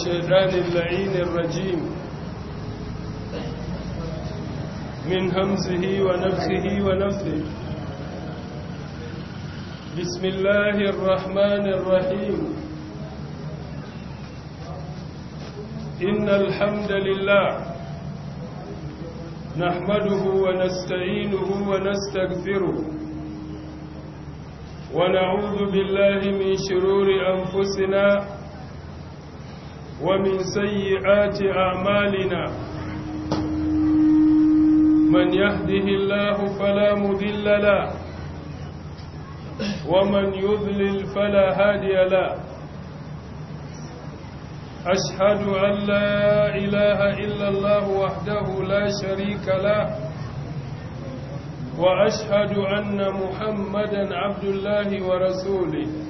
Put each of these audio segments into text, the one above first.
الشيطان اللعين الرجيم من همزه ونفسه ونفسه بسم الله الرحمن الرحيم إن الحمد لله نحمده ونستعينه ونستغفره ونعوذ بالله من شرور أنفسنا ومن سيئات أعمالنا من يهده الله فلا مذل له ومن يذلل فلا هادي له أشهد أن لا إله إلا الله وحده لا شريك له وأشهد أن محمدا عبد الله ورسوله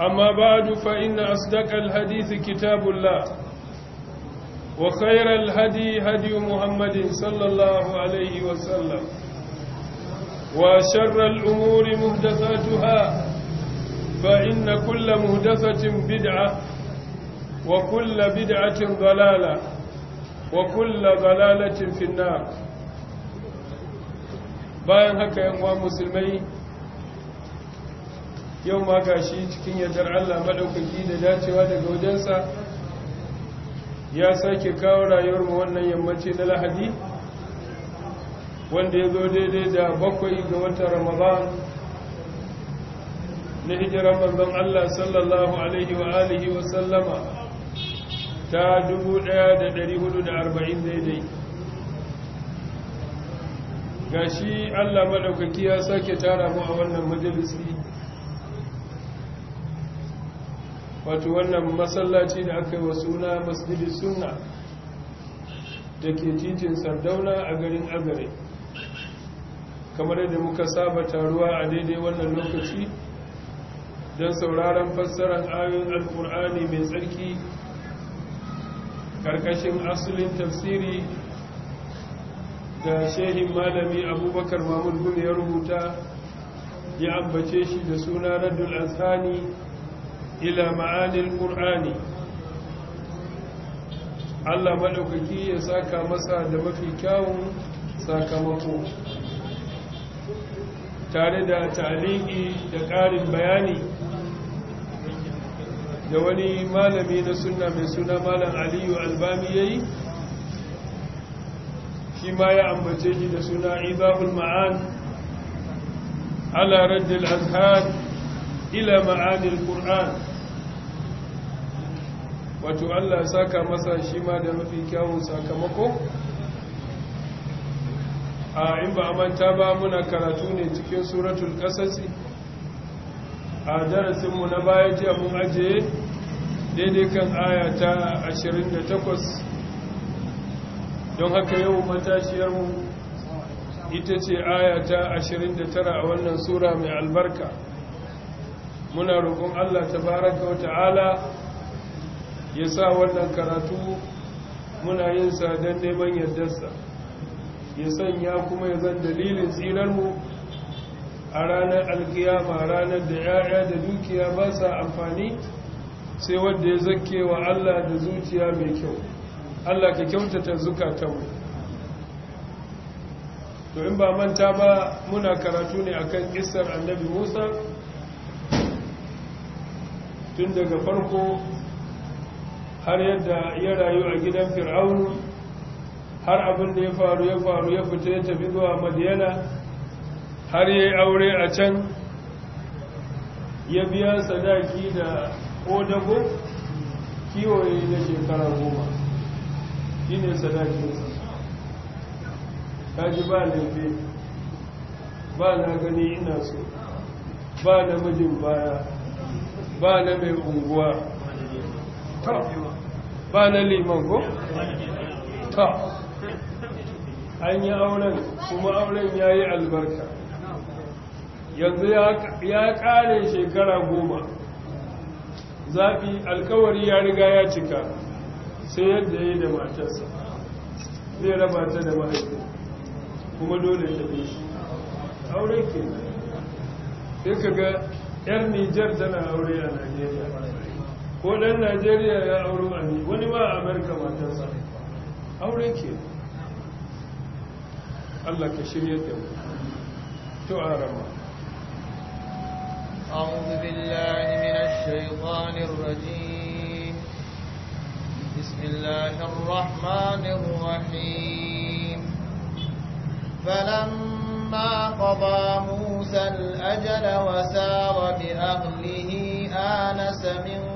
أما بعد فإن أصدق الحديث كتاب الله وخير الهدي هدي محمد صلى الله عليه وسلم وشر الأمور مهدثاتها فإن كل مهدثة بدعة وكل بدعة ضلالة وكل ضلالة في النار باين هكا يا مسلمين yau ma ga shi cikin yadar Allah maɗaukaki da dacewa daga wajensa ya sake kawo rayuwar mu wannan yammaci na lahadi wanda ya zo daidai da bakwai ga watan ramadan na hijiran manzon Allah sallallahu alaihi wa alihi wa sallama ta 1440 daidai Ga shi Allah maɗaukaki ya sake tara mu a wannan majalisi wato wannan masallaci da aka yi wa suna masjidi suna da ke titin sardauna a garin agare kamar yadda muka saba taruwa a daidai wannan lokaci don sauraron fassarar ayoyin alkur'ani mai tsarki karkashin asalin tafsiri da shehin malami abubakar mahmud ya rubuta ya ambace shi da suna raddul azhani ila ma'anin ƙur'ani allah maɗaukaki ya saka masa da mafi kyawun sakamako tare da taliki da ƙarin bayani da wani malami na suna mai suna malam aliyu albami ya yi shi ma ya ambace shi da suna izahul ma'an ala raddil azhar ila ma'anil qur'an wato Allah ya saka masa shi ma da mafi kyawun sakamako a in ba a manta ba muna karatu ne cikin suratul kasasi a darasinmu na baya jiya mun ajiye daidai kan ayata 28 don haka yau matashiyarmu ita ce ayata 29 a wannan sura mai albarka muna roƙon Allah tabaraka wa ta'ala ya sa wannan karatu muna yin sa don neman yardarsa ya sanya kuma ya zan dalilin tsirarmu a ranar alkiyama ranar da ya'ya da dukiya ba sa amfani sai wadda ya zake wa Allah da zuciya mai kyau Allah ka kyautata zukatanmu to in ba manta ba muna karatu ne akan kisar annabi Musa tun daga farko har yadda ya rayu a gidan fir'aunu har abin da ya faru ya faru ya fita ya tafi zuwa madiyana har ya yi aure a can ya biya sadaki da odago kiwo na shekara goma shi ne sadakinsa ta ji ba laifi ba na gani ina so ba na majin baya ba na mai unguwa ba na liman ko? ta an yi auren kuma auren ya yi albarka yanzu ya kare shekara goma zaɓi alkawari ya riga ya cika sai yadda ya yi da matarsa zai raba ta da mahaifin kuma dole ta bi shi auren ke sai ka ga 'yar nijar tana aure a najeriya ko dan najeriya ya auri wani wani ma a amurka matarsa auren ke allah ka shirya da mu to a rama أعوذ بالله من الشيطان الرجيم بسم الله الرحمن الرحيم فلما فلما قضى موسى الأجل وسار بأهله آنس من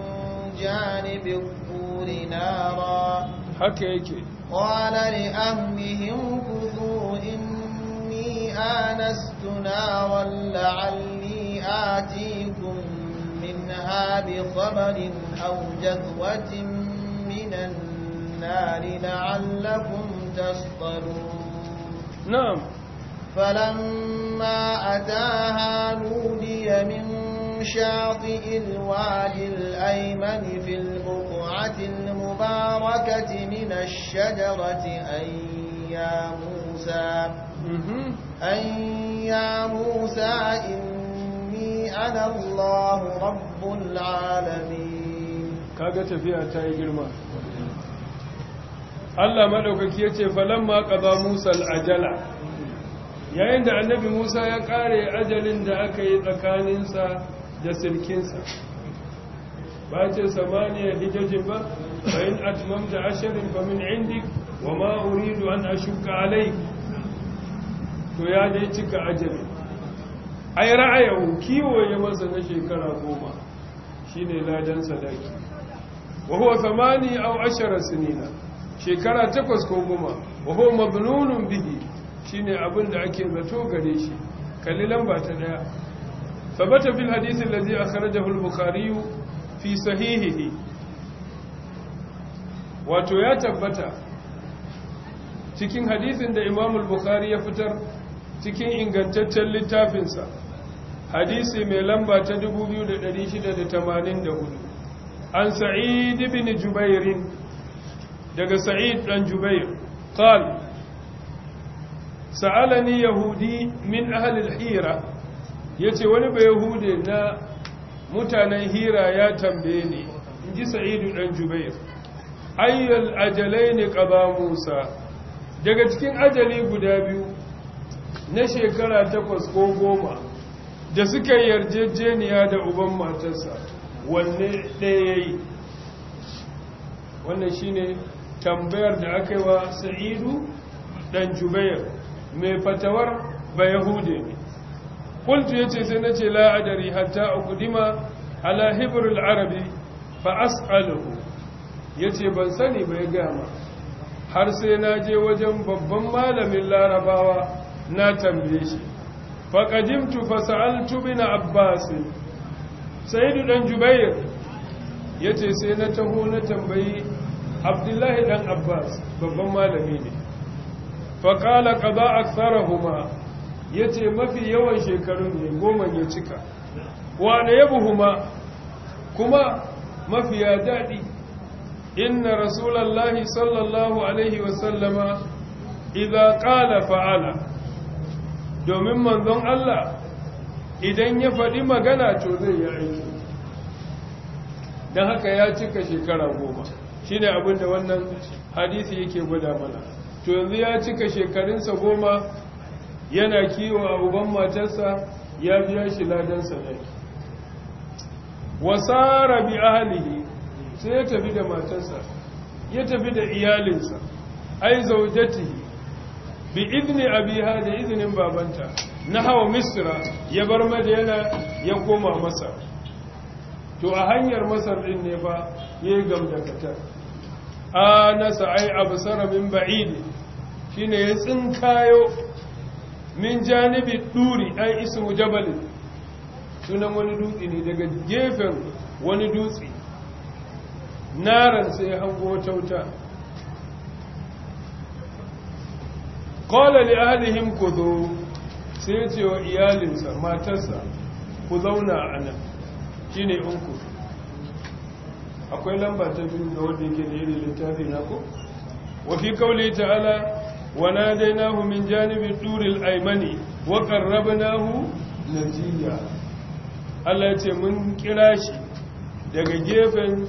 بجانب الطور نارا حكيكي قال لأهلهم كثوا إني آنست نارا لعلي آتيكم منها بخبر أو جذوة من النار لعلكم تصطلون نعم فلما أتاها نودي من شاطئ الوادي الأيمن في البقعة المباركة من الشجرة أن يا موسى أن يا موسى إني أنا الله رب العالمين كاغة فيها تاي جرما الله ملوك كيتي فلما قضى موسى العجلة yayin da annabi musa ya kare ajalin da aka yi tsakaninsa da sirkinsa ba ce samaniya hijajin ba bayan atman da ashirin ba min indik wa ma uridu an ashuka alai to ya dai cika ajami ai ra'ayahu kiwo ya masa na shekara goma shi ne ladan sadaki wa huwa samani au ashara sinina shekara takwas ko goma wa huwa mabnunun bihi shine abin da ake zato gare shi kalli lamba ta daya ثبت في الحديث الذي أخرجه البخاري في صحيحه wato ya tabbata cikin hadisin da imam bukhari ya fitar cikin ingantaccen littafinsa hadisi mai lamba ta 2684 an sa'id ibn jubairin daga sa'id dan jubair qal sa'alani yahudi min ahli al-hira ya ce wani bai hude na mutanen hira ya tambaye ne in ji sa'idu ɗan jubair ayyar ajalai ne ƙaba musa daga cikin ajali guda biyu na shekara takwas ko goma da suka yarjejeniya da uban matarsa wanne ɗaya yi wannan shine tambayar da aka yi wa sa'idu ɗan jubair mai fatawar ba yahude ne qultu yace sai nace la'adari adari a uqdima ala hibrul arabi fa as'aluhu yace ban sani ba bai gama har sai na je wajen babban malamin larabawa na tambaye shi fa qadimtu fa sa'altu bin abbas sayyidu dan jubair yace sai na taho na tambayi abdullahi ɗan abbas babban malami ne fa qala qada aktharahuma ya ce mafi yawan shekaru ne goma ya cika wane ya buhu ma? kuma mafi ya daɗi inna rasulallahi sallallahu alaihi wasallama idan ƙala fa'ala domin manzon Allah idan ya faɗi magana to zai yi aiki don haka ya cika shekara goma shi ne abinda wannan hadisi yake gwada mana to yanzu ya cika shekarunsa goma yana kiwo a uban matarsa ya biya shi ladan sadaki wasara bi ahlihi sai ya tafi da matarsa ya tafi da iyalinsa ai zaujatihi bi idni abiha da izinin babanta na hawa misra ya bar madina ya koma masar to a hanyar masar din ne fa ya gamda gamdakatar a nasa ai min ba'idi shine ya tsinkayo min janibi duri ai ismu jabalin sunan wani dutse ne daga gefen wani dutse naran sai hango wata qala li ahlihim kudu sai ce wa iyalinsa matarsa ku zauna a nan shine unku akwai lambar ta biyu da wanda yake da yiri littafi na ko wa fi ta ta'ala وناديناه من جانب الطور الأيمن وقربناه نجيا Allah ya ce mun kira shi daga gefen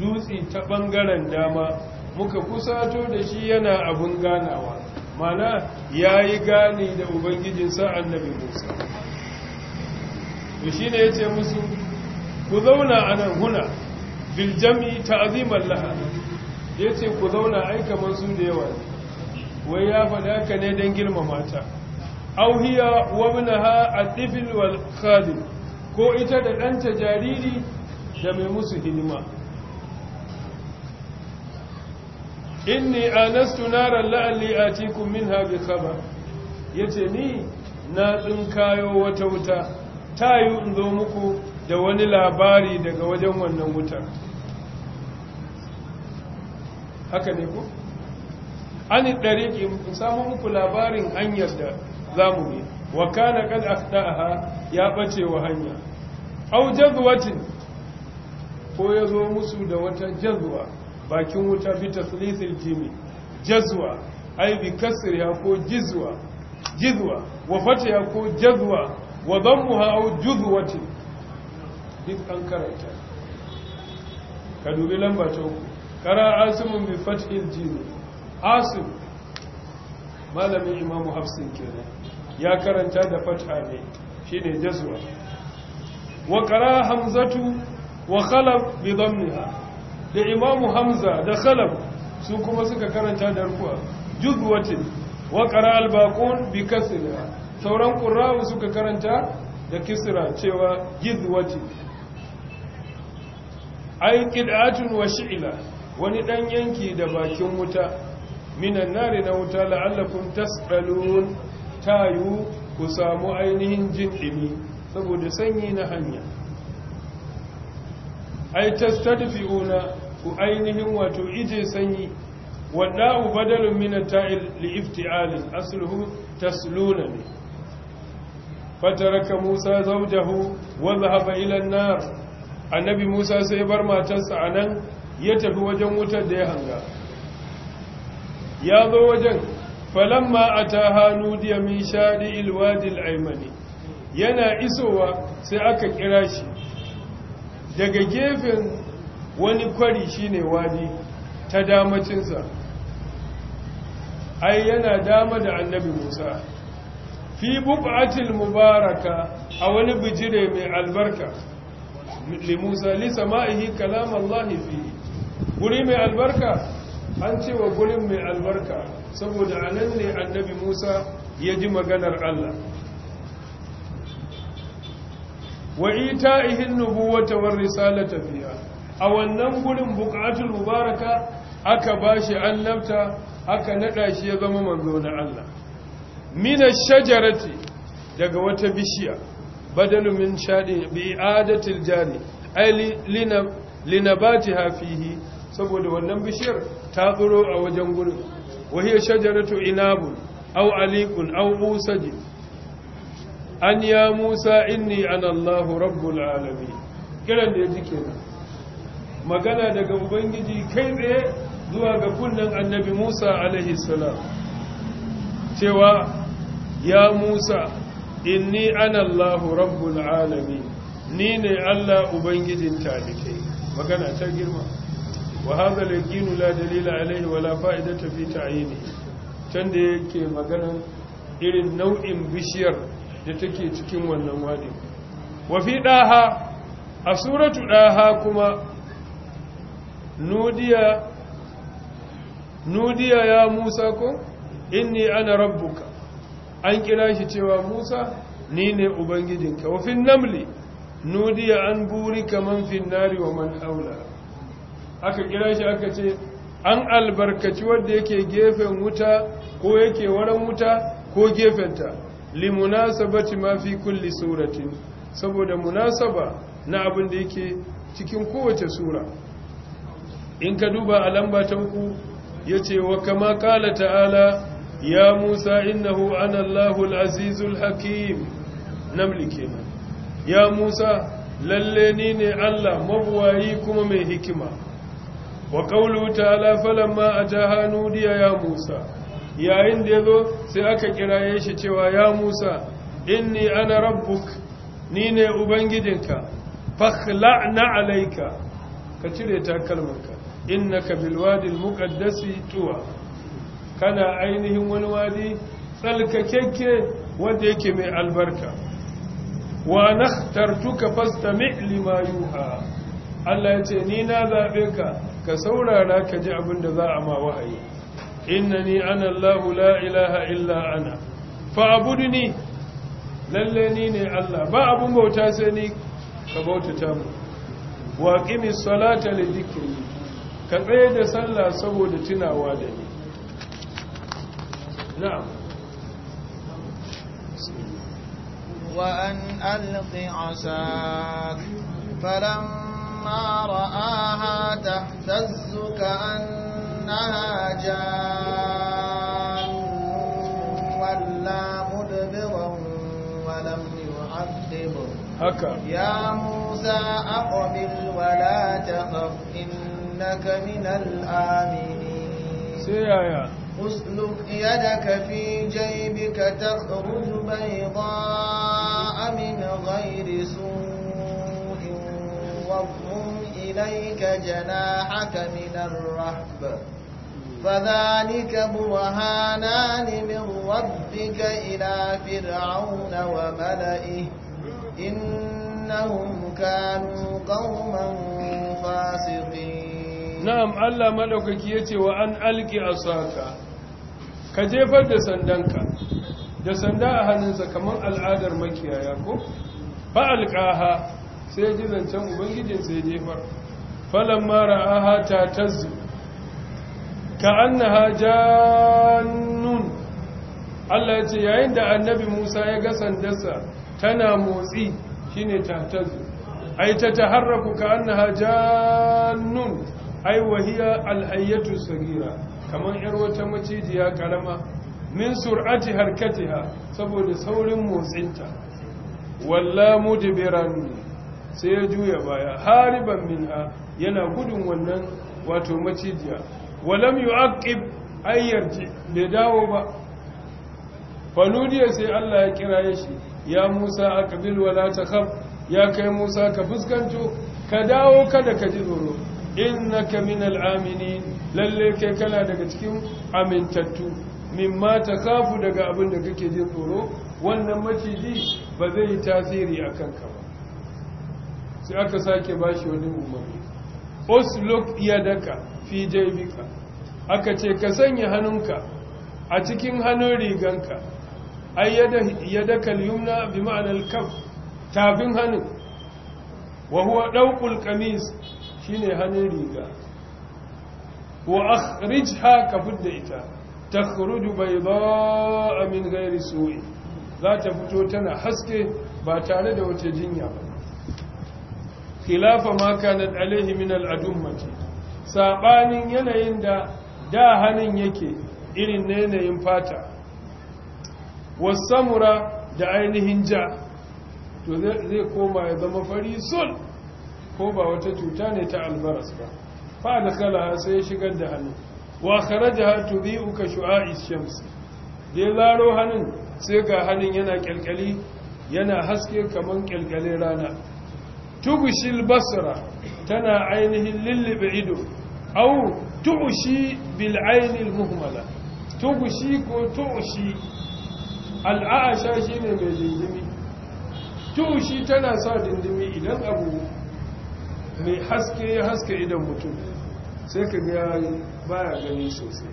dutse ta ɓangaren dama muka kusato da shi yana abun ganawa mana ya yi gani da ubangijinsa annabi musa to shi ne ya ce musu ku zauna a nan huna biljami ta azimar laha ya ce ku zauna aika su da yawa ne wai ya faɗa ka ne don girmama ta auhiya wa ibnaha at-tifl ko ita da ɗanta jariri da mai musu hidima inni anastu naran la'alli min minha kaba. Ya ce ni na tsinkayo wata wuta tayu in zo muku da wani labari daga wajen wannan wutar. haka ne ku? ani dariki in samun muku labarin hanyar da za mu ne wa kana qad aftaha ya ɓace wa hanya aw jazwatin ko ya zo musu da wata jazuwa bakin wuta bi taslithil jimi jazuwa Ai bi ya ko jizuwa jizuwa wa ya ko jazuwa wa dammuha aw juzwatin duk an karanta ka dubi lamba ta uku kara asimun bi fathil jini asim malamin imamu hafsin kenan ya karanta da fata ne shine jazwa wa qara hamzatu wa khalaf bi dhammiha da imamu hamza da khalaf su kuma suka karanta da ruwa juzwatin wa qara al bi kasra sauran qurra'u suka karanta da kisra cewa juzwatin ay qid'atun wa shi'la wani dan yanki da bakin wuta minan nari na wuta la'allakun tasbalun tayu ku samu ainihin jin ɗimi saboda sanyi na hanya ai tastadfi'una ku ainihin wato ije sanyi wadda'u badalun min at-ta'il li'ifti'alin asluhu tasluna ne fataraka Musa zawjahu wa dhahaba ila an annabi Musa sai bar matarsa anan ya tafi wajen wutar da ya hanga ya zo wajen falamma hannu diya min shaɗi ilwadil aimani yana isowa sai aka kira shi daga gefen wani kwari shine wadi ta damacinsa ai yana dama da annabi Musa fi buqatil mubaraka a wani bijire mai albarka li Musa li sama'ihi fi guri mai albarka an ce wa gurin mai albarka saboda a nan ne annabi musa ya ji maganar allah wa ita ihin wata war risalata fiya a wannan gurin bukatul mubaraka aka bashi annabta aka nada shi ya zama manzo na allah mina shajarati daga wata bishiya badalu min shadi bi adatil jari ay linabatiha fihi saboda wannan bishiyar ta tsoro a wajen gurin wahiyar shajaratu inabun au alikun au usaji an ya musa inni an allahu rabbul alami kiran da ya ji kenan magana daga ubangiji kai tsaye zuwa ga kunnen annabi musa alaihi salam cewa ya musa inni an allahu rabbul alami ni ne allah ubangijin talikai magana ta girma وهذا اليقين لا دليل عليه ولا فائدة في تعيينه can yake maganan irin nau'in bishiyar da take cikin wannan wadi wafi ɗaha a suratu ɗaha kuma nudiya ya musa ko inni ana rabbuka an kira shi cewa musa ni ne ubangijinka wafin namli nudiya an buri kaman finnari wa man haula aka kira shi aka ce an albarkaci wanda yake gefen wuta ko yake waran wuta ko gefen gefenta limunasabati ma fi kulli suratin saboda munasaba na abin da yake cikin kowace sura in ka duba a lamba ta uku yace wa kama qala ta'ala ya musa innahu ana allahu azizul hakim namlike ya musa lalle ni ne allah mabuwayi kuma mai hikima wa qawlu ta'ala falamma ajaha nudiya ya Musa yayin da zo sai aka kiraye shi cewa ya Musa inni ana rabbuk ni ne ubangijinka fakhla'na alaika ka cire takalmanka innaka bil wadi al tuwa kana ainihin wani wadi tsalkakekke wanda yake mai albarka wa fasta fastami' lima yuha Allah ya ce ni na zaɓe ka ka saurara ka ji abin da za a ma wahayi innani ana Allahu la ilaha illa ana fa'budni lalle ni ne Allah ba abun bauta sai ni ka bautata mu wa qimis salata li dhikri ka tsaye da sallah saboda tunawa da ni na'am wa an alqi asak falam فلما رآها تهتز كأنها جان ولا مدبرا ولم يعقب يا موسى أقبل ولا تخف إنك من الآمنين اسلك يدك في جيبك تخرج بيضاء من غير سوء واضمم إليك جناحك من الرهب فذلك برهانان من ربك إلى فرعون وملئه إنهم كانوا قوما فاسقين نعم الله ملكك يتي وأن ألقي أصاك كجيفة دسندنك دسنداء هننسى كمان العادر مكيا ياكو فألقاها sai ji zancen ubangijin sai jefar falon mara aha ta tazzu ka an na nun? allah ya ce yayin da annabi musa ya ga sandarsa tana motsi shi ne ta tazzu ai ta ta harraku ka an na nun? ai wahiya al'ayyatu sagira kamar yar wata macijiya karama min sur'ati harkatiha saboda saurin motsinta walla mudbiran sai ya juya baya hariban minha yana gudun wannan wato macijiya walam yu'aqib ayyarji bai dawo ba faludiya sai Allah ya kira shi ya Musa aqbil wala takhaf ya kai Musa ka fuskanto ka dawo kada ka ji tsoro innaka minal al'amini lalle kai kana daga cikin amintattu mimma kafu daga abin da kake jin tsoro wannan maciji ba zai yi tasiri a kanka ba sai aka sake bashi wani umarni iya daka fi jaibika aka ce ka sanya hannunka a cikin hannun riganka ai ya daka liyumna bi ma'anar kaf tafin hannun wa huwa kamis shi shine hannun riga wa rijha ka fudda ita bai ba amin gairi su'i za ta fito tana haske ba tare da wata jinya ba khilafa ma kanat alaihi min al'adummati sabanin yanayin da da hannun yake irin na yanayin fata wasamura da ainihin ja to zai koma ya zama fari sol ko ba wata cuta ne ta albaras ba fa da kalaha sai ya shigar da hannu wa kharajaha tubi'u ka shu'a'is shams dai laro zaro hannun sai ga hannun yana kyalkyali yana haske kaman kyalkyalin rana tubshil basra tana ainihin lullube ido au tu'shi bil ainil muhmala tubshi ko tu'shi al'asha shine mai dindimi tu'shi tana sa dindimi idan abu mai haske ya haske idan mutum sai ka ga baya gani sosai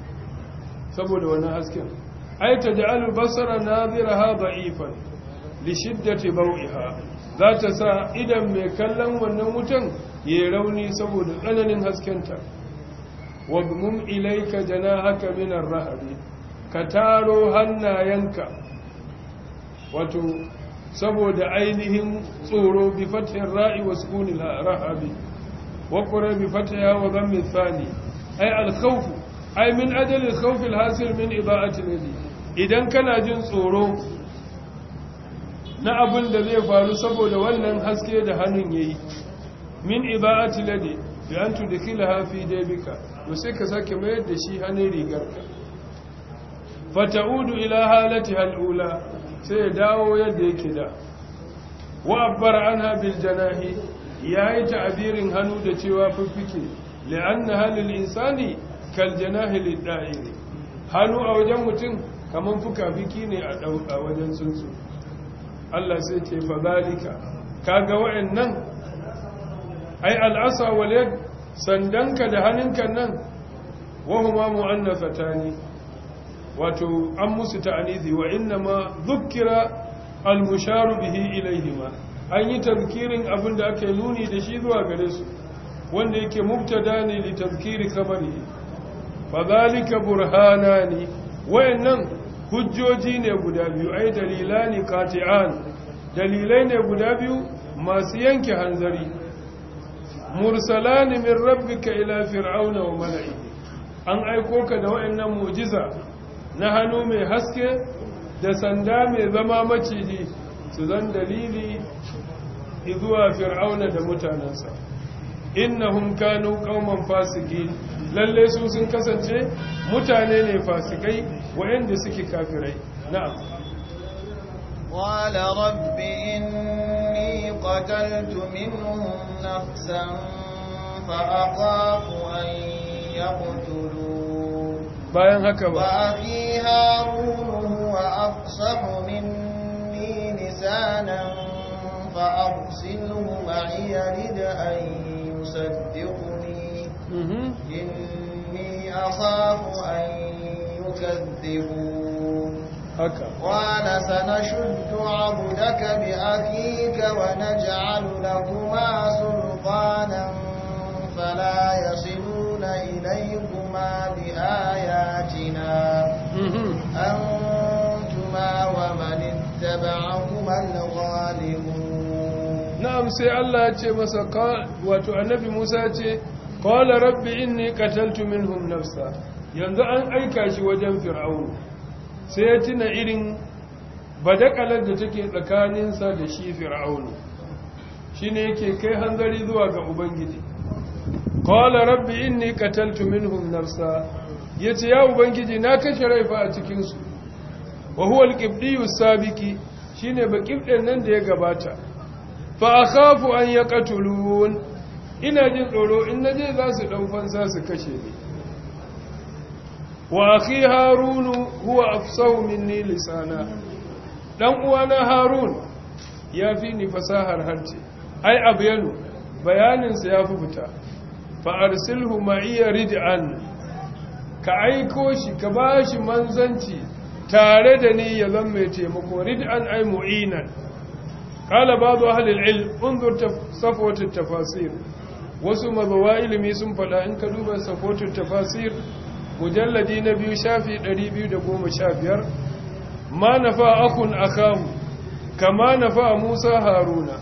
saboda wani hasken ai taj'alu basara nadiraha da'ifan li shiddati baw'iha za ta sa idan mai kallon wannan wutan ya rauni saboda tsananin haskenta wadmum ilaika haka minar rahabi ka taro hannayenka wato saboda ainihin tsoro bi fathin ra'i wa sukuni rahabi wa qura bi fathiha wa zan thani ay al khawf ay min ajal al khawf min ida'ati al idan kana jin tsoro na abin da zai faru saboda wannan haske da hannun ya yi min iba'ati lade da an kila hafi bika, da sai ka sake mayar da shi hannun rigarka udu ila halati hal'ula sai ya dawo yadda ya yake da wa'abbar an habil janahi ya yi ta'abirin hannu da cewa fiffike na halin insani kal janahi lidda'iri hannu a wajen mutum kamar fuka-fiki ne a wajen tsuntsu Allah sai ce fa kaga wa'annan ai al'asa wal yad sandanka da hannunka nan wahuma mu'annafatani wato an musu ta'anizi wa inna ma al musharu bihi ilayhima an yi tazkirin abin da aka yi nuni da shi zuwa gare su wanda yake mubtada ne li tazkiri kabari fa zalika burhanani wayannan hujjoji ne guda biyu ai dalilani qati'an dalilai ne guda biyu masu yanke hanzari mursalani min rabbika ila fir'auna wa mala'ihi an aiko ka da wayannan mu'jiza na hannu mai haske da sanda mai zama maciji su zan dalili zuwa fir'auna da mutanensa innahum kanu qauman fasiqin lalle su sun kasance mutane ne fasikai wa'anda suke kafirai na'am Wala rabbi inni qataltu minhum nafsan fa aqafu an yaqtulu bayan haka ba akhi harun huwa afsahu minni lisanan fa arsilhu ma'iya rid an yusaddiquni mhm. inni akhafu an تكذبون قال سنشد عبدك بأخيك ونجعل لهما سلطانا فلا يصلون إليكما بآياتنا أنتما ومن اتبعكما الغالبون نعم سي الله يتشي مسا وتعنبي موسى يتشي قال رب إني قتلت منهم نفسا yanzu an aika shi wajen fir'aunu sai ya tuna irin badakalar da take tsakaninsa da shi fir'aunu shi ne yake kai hanzari zuwa ga ubangiji kawala rabbi in ne kataltu minhum nafsa ya ce ya ubangiji na kashe raifa a cikinsu wa huwa alqibdiyu sabiki shine baqibdin nan da ya gabata fa a kafu an yaqtulun ina jin tsoro in na je za su ɗan fansa su kashe ne wa akhi Harunu huwa afsahu minni lisana dan uwana harun ya fi ni fasahar harce ai abyanu bayaninsa sa yafi fita fa arsilhu ma'iya rid'an ka aiko shi ka bashi manzanci tare da ni ya zan mai taimako rid'an ai mu'inan قال بعض أهل العلم انظر صفوة التفاسير wasu mazawa ilimi sun faɗa in ka duba safotin tafasir mujalladi na biyu shafi 215 ma na nafa akun akahu kama nafa Musa Haruna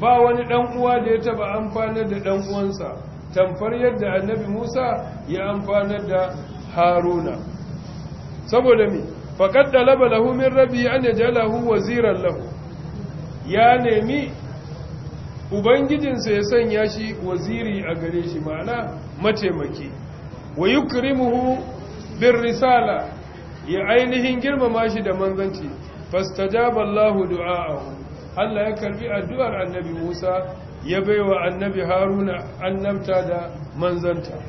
ba wani ɗan'uwa da ya taba amfana da ɗan'uwansa uwansa tamfar yadda annabi Musa ya amfanar da Haruna saboda mi faƙar da laba min Rabi an lahu waziran lahu ya nemi ubangijinsa ya sanya shi waziri a gare shi ma'ana mataimaki wa yukrimuhu bir risala ya ainihin girmama shi da manzanci fastajaba Allahu du'aahu Allah ya karbi addu'ar annabi Musa ya baiwa annabi Haruna annabta da manzanta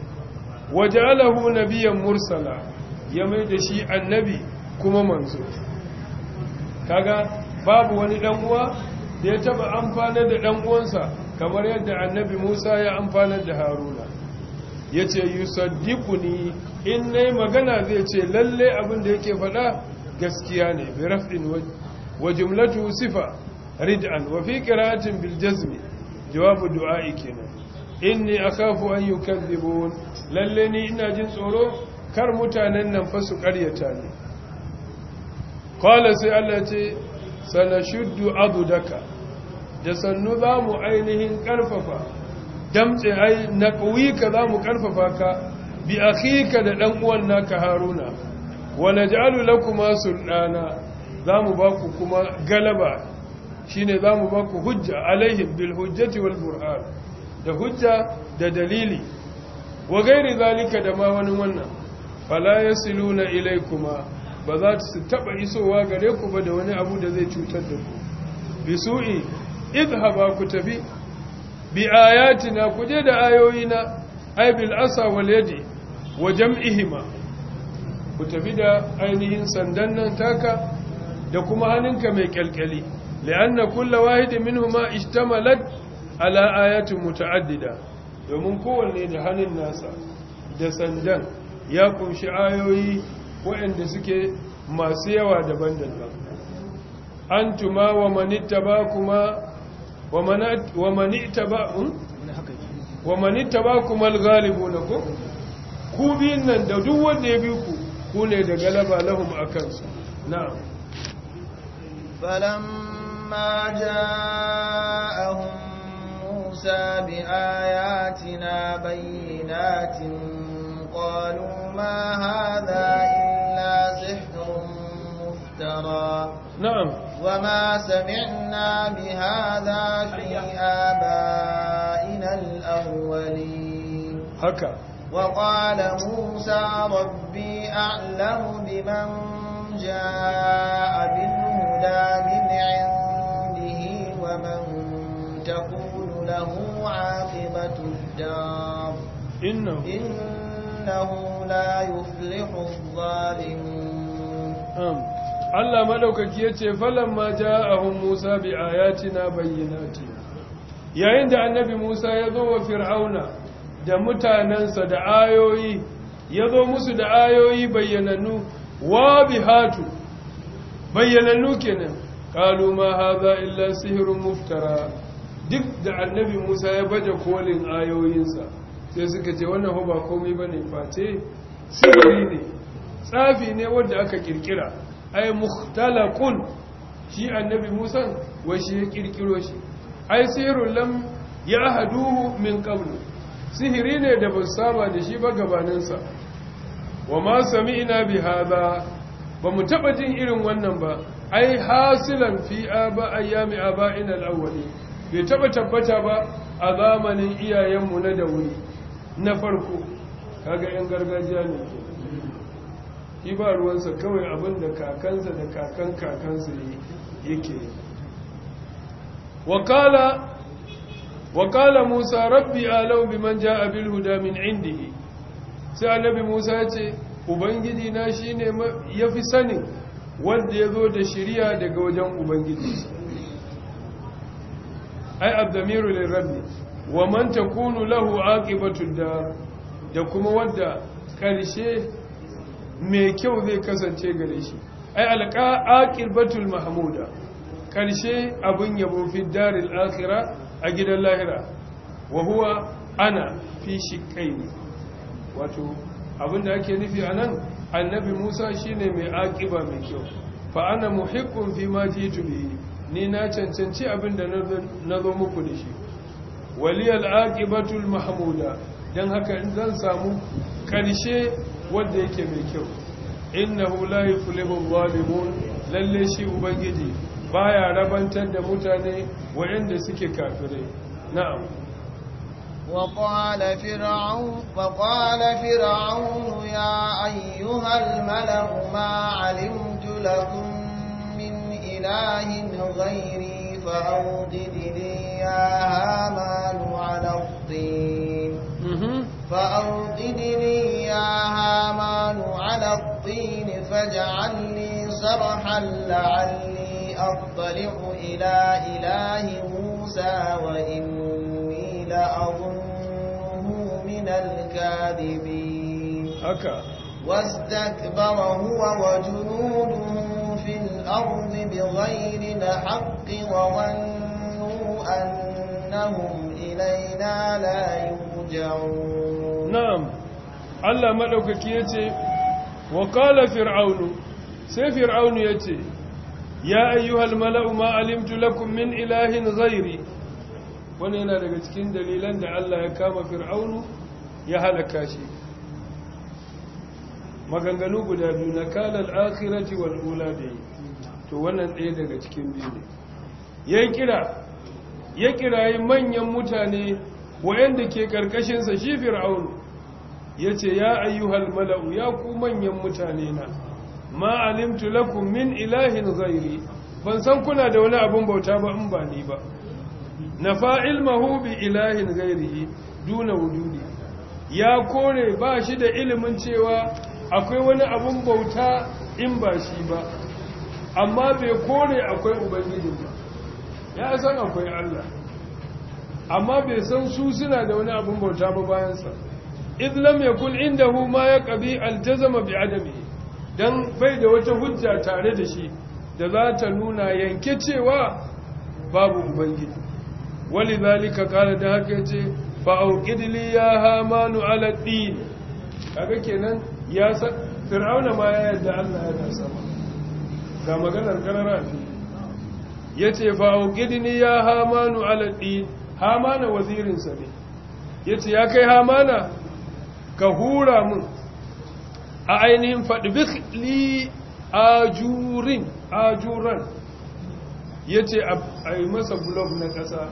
waja'alahu nabiyyan mursala ya mai shi annabi kuma manzo kaga babu wani dan uwa da ya taɓa amfana da dan uwansa kamar yadda annabi Musa ya amfana da Haruna ya ce yusaddiquni in nayi magana zai ce lalle abin da yake faɗa gaskiya ne bi raf'in wa jumlatu sifa rid'an wa fi qira'atin bil jazmi jawabu du'a'i kenan inni akhafu an yukadhibun lalle ni ina jin tsoro kar mutanen nan fa su ƙaryata ni qala sai Allah ce sanashuddu daka da sannu za mu ainihin ƙarfafa damtse ai na kuwika za mu karfafa ka bi ka da dan uwan naka haruna wa naj'alu lakuma sultana za mu ba ku kuma galaba shine za mu ba ku hujja alaihim bil hujjati wal burhan da hujja da dalili wa gairi zalika da ma wani wannan fala yasiluna ilaykuma ba za su taba isowa gare ku ba da wani abu da zai cutar da ku bisu'i idhaba ku tafi bi ayatina ku je da ayoyina ay bil asa wal yadi wa jam'ihima ku tafi da ainihin sandan nan taka da kuma hannunka mai kyalkyali li'anna kullu wahidin minhuma ishtamalat ala ayatin muta'addida domin kowanne da hannun nasa da sandan ya kunshi ayoyi waɗanda suke masu yawa daban-daban an tuma wa manitta ba kuma wa mani taba hmm? kuma galibu na ku ku biyun nan da duk wanda ya bi ku ku ne da galaba lahum a kansu na'am falamma ja'ahum musa bi ayati ayatina bayyinatin qalu ma za'in na sihrun muftara na'am وما سمعنا بهذا في آبائنا الأولين هكا وقال موسى ربي أعلم بمن جاء بالهدى من عنده ومن تكون له عاقبة الدار إنه إنه لا يفلح الظالمون أم Allah madaukaki ya ce falon ma ja hun Musa bi bayyana bayyanati yayin da annabi Musa ya zo wa fir'auna da mutanensa da ayoyi ya zo musu da ayoyi bayyanannu wa hatu bayyanannu kenan kalu ma haza illa sihirun muftara duk da annabi Musa ya baje kolin ayoyinsa sai suka ce wannan ba komai bane face sihiri ne tsafi ne wanda aka kirkira ai mukhtalaqun shi annabi Musa wa shi ya kirkiro shi ai sirrul lam ya'haduhu min qablu sihiri ne da ba saba da shi ba gabanin sa wa ma sami'na bi hadha ba mu taba jin irin wannan ba ai hasilan fi aba ayyami aba'ina al bai taba tabbata ba a zamanin iyayenmu na da wuri na farko kaga yan gargajiya ne shi ba ruwansa kawai abin da kakansa da kakan kakansa yake wakala wakala musa rabbi alau manja ja'a bil huda min indihi sai annabi musa ya ce ubangiji na shine yafi sanin wanda zo da shirya daga wajen ubangiji ai abdamiru lil rabbi wa man takunu lahu akibatu dar da kuma wanda karshe mai kyau zai kasance gare shi ai alƙa aqibatul mahmuda karshe abun yabo fi daril akhirah a gidan lahira wa huwa ana fi shikaini wato abinda ake nufi anan annabi Musa shine mai aqiba mai kyau fa ana muhiqqun fi ma jitu bihi ni na cancanci abinda na zo muku da shi waliyal aqibatul mahmuda dan haka in zan samu karshe wanda yake mai kyau innahu la yuflihu adh-dhalimun lalle shi ubangiji baya rabantar da mutane wanda suke kafire na'am wa qala ya ayyuhal malahu ma 'alimtu lakum min ilahin ghayri fa awdid فاجعلني سرحا لعلي أطلع إلى إله موسى وإني لأظنه من الكاذبين واستكبر هو وجنوده في الأرض بغير الحق وظنوا أنهم إلينا لا يرجعون نعم Allah maɗaukaki ya ce wa kala fir'aunu sai fir'aunu yace ya ayyuhal mala'u ma alimtu lakum min ilahin ghairi wannan yana daga cikin dalilan da Allah ya kama fir'aunu ya halaka shi maganganu guda biyu na kalal akhirati wal ula dai to wannan ɗaya daga cikin biyu ne ya kira ya kirayi manyan mutane wayanda ke karkashinsa shi fir'aunu ya ce ya ayyuhal mala'u ya ku manyan mutane na ma alimtu lakum min ilahin zairi ban san kuna da wani abin bauta ba in ba ni ba na fa'il bi ilahin zairi duna wujudi ya kore ba shi da ilimin cewa akwai wani abin bauta in ba shi ba amma bai kore akwai ubangijin ba ya san akwai Allah amma bai san su suna da wani abin bauta ba bayansa إذ لم يكن عنده ما يقبي الجزم بعدمه dan bai da wata hujja tare da shi da za ta nuna yanke cewa babu ubangiji wali zalika kala da haka yace fa auqidli ya hamanu ala din kaga kenan ya san fir'auna ma ya yarda Allah ya sama ga maganar karara fi yace fa auqidni ya hamanu ala din hamana wazirin sa ne yace ya kai hamana ka hura mun a ainihin faɗi li ajurin ajuran ya ce a yi masa blog na ƙasa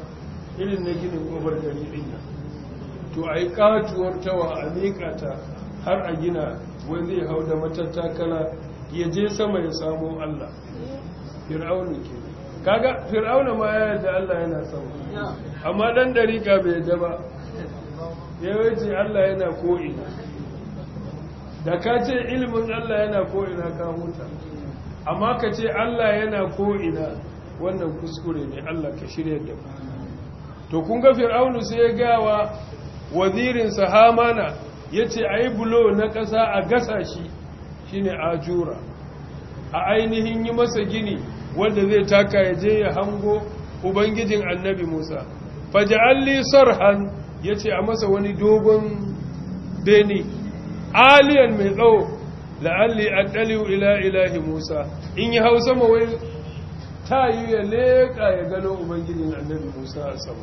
irin na ginin ƙofar gari ɗin to a yi katuwar tawa a miƙa ta har a gina wanda ya hau da matattakala ya je sama ya samo Allah fir'aunin ke kaga fir'auna ma ya da Allah yana sama amma dan ka bai daba ce Allah yana ko'ina da ka ce ilimin Allah yana ko'ina ka huta amma ka ce Allah yana ko'ina wannan kuskure ne Allah ka shirya da ba to kun ga fir'aunu sai ya gawa wazirin Hamana ya ce a yi bulo na ƙasa a gasa shi shine ne a ainihin yi masa gini wanda zai taka ya je ya hango ubangijin annabi musa alli sarhan ya ce a masa wani dogon beni aliyan mai tsawo la'alli ɗali ila ilahi musa in yi hausa mawai ta yi ya leƙa ya gano ubangijin annabi musa a sama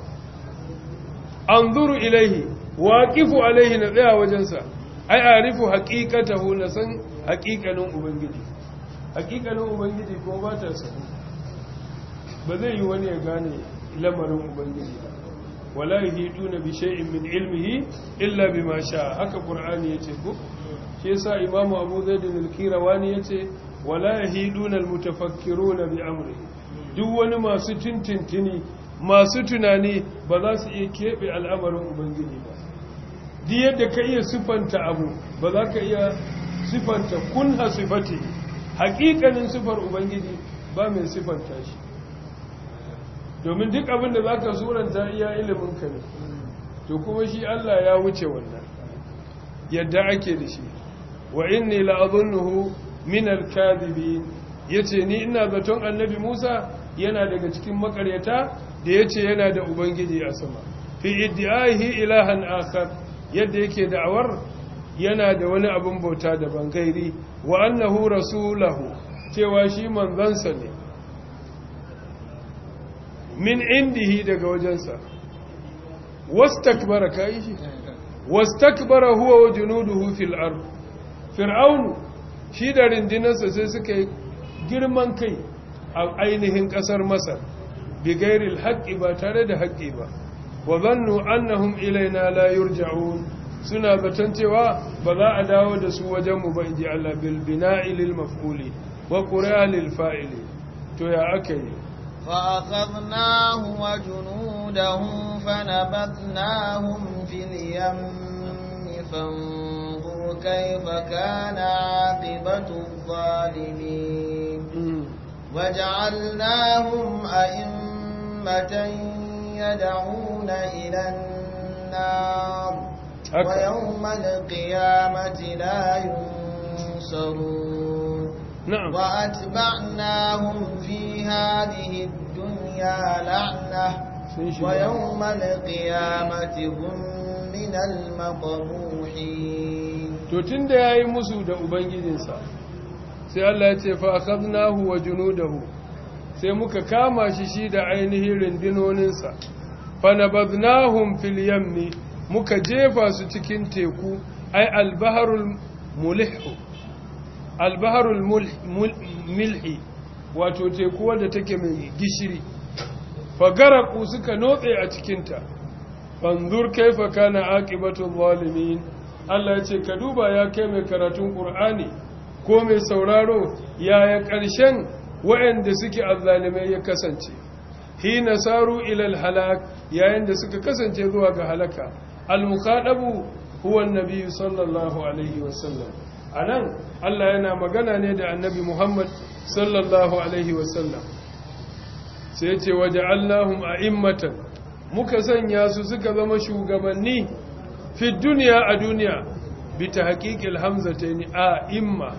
an zuru ilaihi kifu alaihi na tsaya wajensa ai a hakikata hu na san haƙiƙanin ubangiji haƙiƙanin ubangiji ko ba ta sabu ba zai yi wani ya gane lamarin ubangiji ba wala yuhituna bi shay'in min ilmihi illa bima sha haka qur'ani yace ko shi yasa imamu abu zaid al-kirawani yace wala yuhiduna al-mutafakkiruna bi amri duk wani masu tintintini masu tunani ba za su iya kebe al'amarin ubangiji ba duk yadda ka iya sifanta abu ba za ka iya sifanta kun hasifati haƙiƙanin sifar ubangiji ba mai sifanta shi domin duk abin da za ka suranta iya iliminka ne to kuma shi Allah ya wuce wannan yadda ake da shi wa inni la'adunnuhu min al-kadhibin yace ni ina zaton annabi Musa yana daga cikin makaryata da yace yana da ubangiji a sama fi iddiahi ilahan akhar yadda yake da'awar yana da wani abin bauta daban gairi wa annahu rasulahu cewa shi manzansa ne min indihi daga wajensa wastakbara kai shi wastakbara huwa wa junuduhu fil ard fir'aunu shi da rindinarsa sai suka yi girman kai a ainihin kasar masar bi gairil ba tare da haƙƙi ba wa zannu annahum ilaina la yurja'un suna zaton cewa ba za a dawo da su wajenmu ba in Allah bil bina'i lil maf'uli wa qura'a fa'ili to ya aka yi فأخذناه وجنوده فنبذناهم في اليم فانظر كيف كان عاقبة الظالمين وجعلناهم أئمة يدعون إلى النار ويوم القيامة لا ينصرون نعم وأتبعناهم في هذه الدنيا لعنة ويوم القيامة هم من المقبوحين تتند يا مسود أبنجدنسا sai Allah ya ce fa akhadnahu wa sai muka kama shi shi da ainihin rindinoninsa fa nabadnahum fil yammi muka jefa su cikin teku ai albaharul mulihu albaharul milhi wato teku wadda take mai gishiri ku suka notse a cikinta fanzur kaifa kana aqibatu zalimin Allah ya ce ka duba ya kai mai karatun Qur'ani ko mai sauraro yaya ƙarshen waɗanda suke azzalimai ya kasance hina saru ila halak yayin da suka kasance zuwa ga halaka al-muqadabu huwa an-nabi sallallahu alaihi wasallam a nan Allah yana magana ne da annabi Muhammad sallallahu Alaihi wasallam sai ce waje Allahun a'immatan muka sanya su suka zama shugabanni fi duniya a duniya bi ta haƙiƙil hamzatani a imma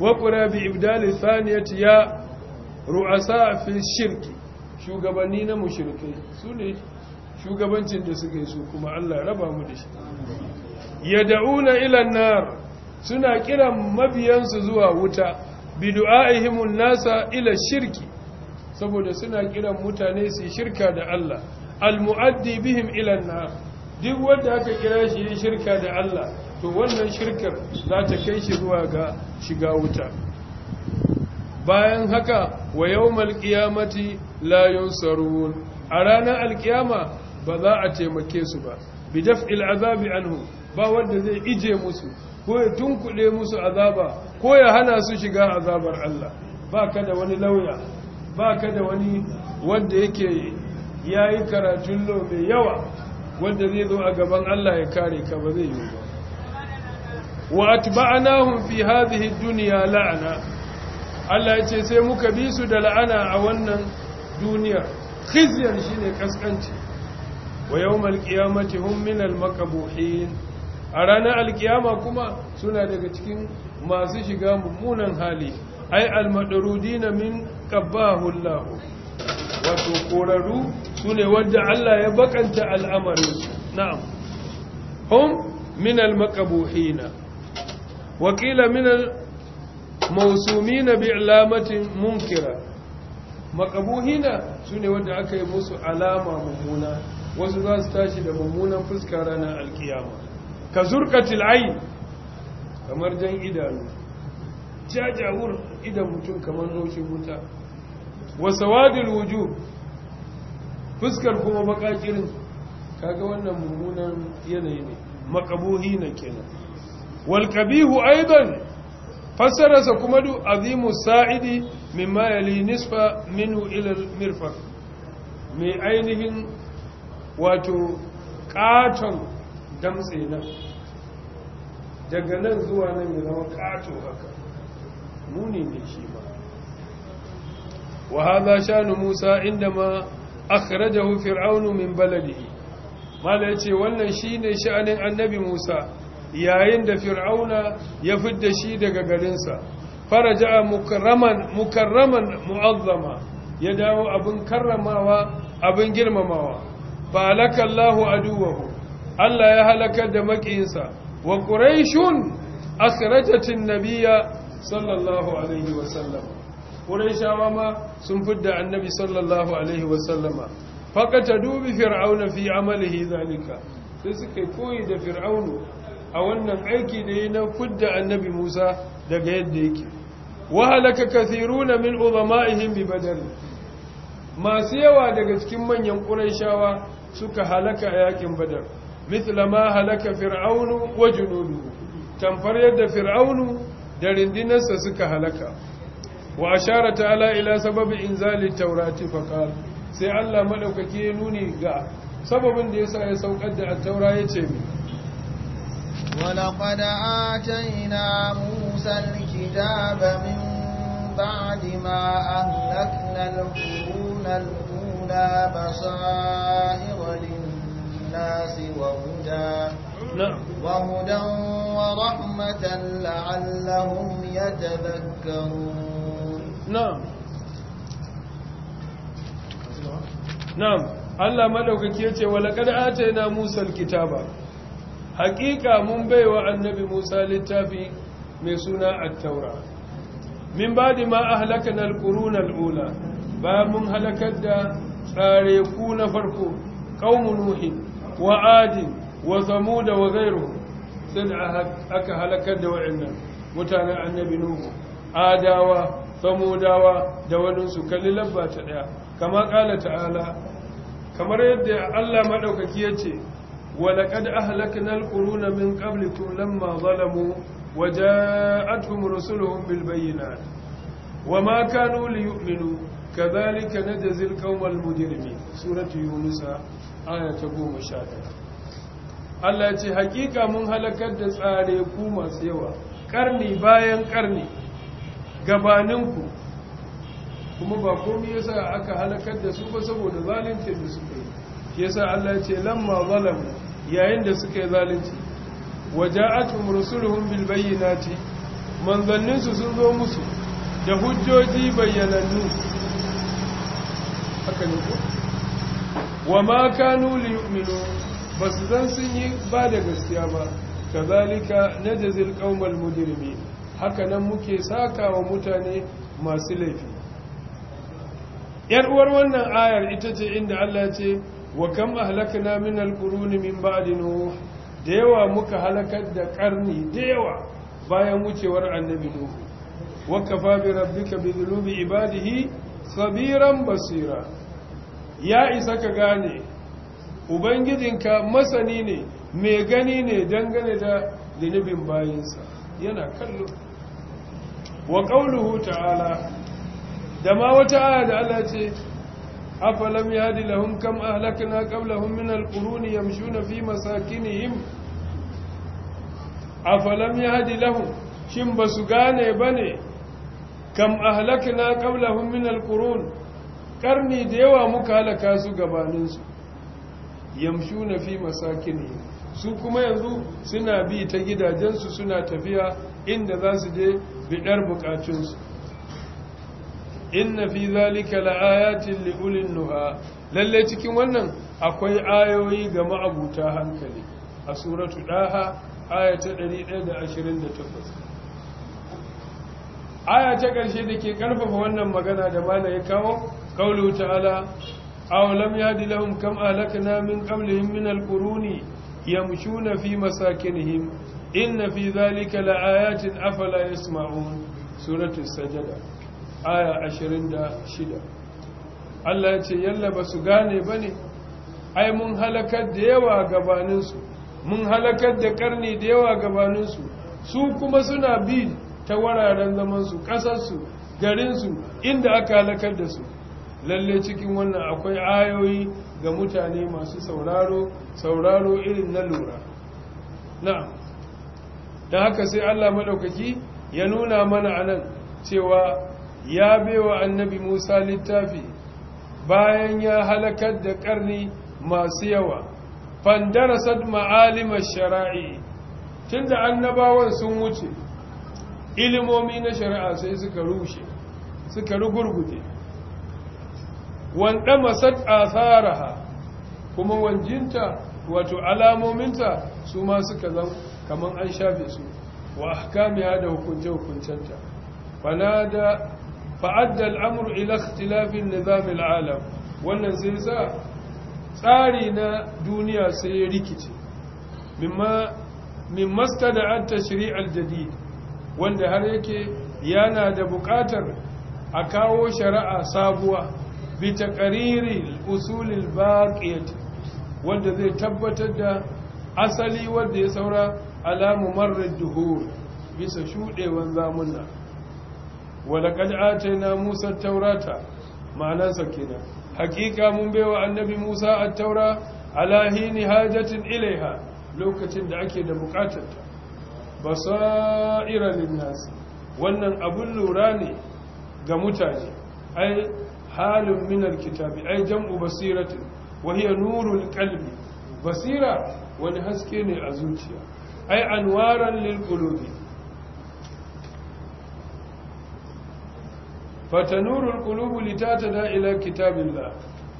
waƙura bi ibdali saniyati ya ru'asa fi shirki shugabanni na mushirki, su ne shugabancin da suke su kuma Allah raba mu da shi yad'una ila an-nar suna kiran mabiyansu zuwa wuta du'a'ihimun nasa ila shirki saboda suna kiran mutane su shirka da Allah almu'addi bihim ila nar duk wanda aka kira shi yin shirka da Allah to wannan shirkar za ta kai shi zuwa ga shiga wuta bayan haka wa yawmal qiyamati la yunsarun a ranar alkiyama ba za a taimake su ba Bi daf'il azabi anhu ba wanda zai ije musu ko ya tunkuɗe musu azaba ko ya hana su shiga azabar Allah ba ka da wani lauya ba ka da wani wanda yake ya yi karatun lau yawa wanda zai zo a gaban Allah ya kare ka ba zai yi ba ba'ana hunfi fi hadhihi duniya la'ana Allah ya ce sai muka bi su da la'ana a wannan duniya khizyan shine kaskanci wa yawmal qiyamati hum minal maqbuhin a ranar alkiyama kuma suna daga cikin masu shiga mummunan hali ai na min qabbahullahu wato su sune wanda Allah ya bakanta al'amarin na'am hum min almaqbuhina wa qila min bi bi'lamatin munkira su sune wadda aka yi musu alama mummuna wasu za su tashi da mummunan fuska ranar alkiyama ka zurkatil til'ai kamar jan idanu jajawur idan mutum kamar noshin wuta wasa wadil wujuh fuskar kuma bakakirin kaga wannan mummunan yanayi ne makabohi na kenan wal kabihu aidan fassararsa kuma du azimu sa'idi mimma yali nisfa minhu ila mirfaq mai ainihin wato katon damtse nan daga nan zuwa nan ya zama kato haka muni ne shi ba Wahala shanu musa inda ma akhrajahu fir'aunu min baladihi mala yace wannan shine sha'anin annabi musa yayin da fir'auna ya fidda shi daga garinsa faraja mukarraman mukarraman mu'azzama ya dawo abin karramawa abin girmamawa balakallahu aduwahu Allah ya halakar da makiyinsa wa quraishun akhrajatin nabiyya sallallahu alaihi wa sallam quraishawa ma sun fidda annabi sallallahu alaihi wa sallama faqata dubi fir'auna fi amalihi zalika sai suke koyi da fir'aunu a wannan aiki da yi na fidda annabi Musa daga yadda yake wa halaka kathiruna min udhama'ihim bi badal masu yawa daga cikin manyan quraishawa suka halaka a yakin badar mithla ma halaka fir'aunu wa junuduhu tamfar yadda fir'aunu da rindinarsa suka halaka wa ashara ta'ala ila sababi inzali taurati faqal sai Allah maɗaukaki ya nuni ga sababin da yasa ya sauka da at-taura yace mi ولقد آتينا موسى الكتاب من بعد ما أهلكنا القرون الأولى بصائر na'am. وهدى وهدى ورحمة لعلهم يتذكرون نعم نعم Allah madaukaki yace walaqad atayna Musa alkitaba haqiqa mun baiwa annabi Musa littafi mai suna at-taura min badi ma ahlakna al-qurun al-ula ba mun halakar da tsare ku na farko qaumun nuhin وعاد وثمود وغيره سدع أكا هلك وعنا متانا النبي نوح آداوا ثموداوا دولنس كاللبا تدعى كما قال تعالى كما يدعى الله ما دوكك يتي ولقد أهلكنا القرون من قبلكم لما ظلموا وجاءتهم رسلهم بالبينات وما كانوا ليؤمنوا كذلك نجزي القوم المجرمين سورة يونس aya ta goma sha Allah ce hakika mun halakar da tsare ku masu yawa ƙarni bayan ƙarni gabaninku kuma ba komi yasa aka halakar da su ba saboda zalunci da suka yi ya yasa Allah ce lamma zalamu yayin da suka yi zalunci waja'atuhum rusuluhum bil bayyinati ce manzanninsu sun zo musu da hujjoji bayyanannu haka ne ko wa ma kanu li yu'minu ba su sun ba da gaskiya ba kazalika najzil qaumal mujrimin haka nan muke sakawa mutane masu laifi yar uwar wannan ayar ita ce inda Allah ya ce wa kam ahlakna min qurun min ba'di nuh da yawa muka halakar da karni da yawa bayan wucewar annabi nuh wa kafa bi rabbika bi dhunubi ibadihi sabiran basira ya isa ka gane ubangijinka masani ne mai gani ne dangane da zunubin bayansa yana kallo wa ƙauluhu ta'ala da ma wata aya da Allah ce afalam yahdi lahum kam ahlakna qablahum min alqurun yamshuna fi masakinihim afalam lahun lahum shin basu gane bane kam ahlakna qablahum min alqurun ƙarni da yawa muka halaka su gabaninsu yamshu na fi masakini su kuma yanzu suna bi ta gidajensu suna tafiya inda za su je biɗar bukacinsu inna fi zalika la'ayatin li'ulin nuha lalle cikin wannan akwai ayoyi ga ma'abuta hankali a suratu daha aya ta 128 aya ta ƙarshe da ke ƙarfafa wannan magana da na ya kawo قوله تعالى أو لم يهد لهم كم أهلكنا من قبلهم من القرون يمشون في مساكنهم إن في ذلك لآيات أفلا يسمعون سورة السجدة آية عشرين دا شدة Allah ya ce yalla ba su gane ba ne ai mun halakar da yawa gabaninsu mun halakar da karni da yawa gabaninsu su kuma suna bi ta wararen zamansu ƙasarsu garinsu inda aka halakar da su lalle cikin wannan akwai ayoyi ga mutane masu sauraro sauraro irin na lura na'am don haka sai Allah maɗaukaki ya nuna mana anan cewa ya bewa annabi Musa littafi bayan ya halakar da karni masu yawa fandarasat ma'alimar shara'i tunda annabawan sun wuce ilimomi na shari'a sai suka rushe suka rugurgute wanɗamasat atharaha kuma wanjinta wato alamominta su ma suka zan kaman an shafe su wa ahkamiha da hukunce hukuncenta fanada fa'adda al'amru ila ikhtilafin alam wannan sai sa tsari na duniya sai rikici rikice masta da an tashri' al-jadid wanda har yake yana da buƙatar a kawo shari'a sabuwa bi taqariri usul al-baqiyati wanda zai tabbatar da asali wanda ya saura alamu marrar duhur bisa shudewan zamunna wala qad atayna musa taurata sa kenan hakika mun baiwa annabi musa at-taura ala hini hajatin ilaiha lokacin da ake da ta basaira nas wannan abun lura ne ga mutane ai halun minar kitabi ai jam'u basiratin wa nurul qalbi basira wani haske ne a zuciya ai anwaran lil qulubi fatanurul qulubu litatana ila kitabillah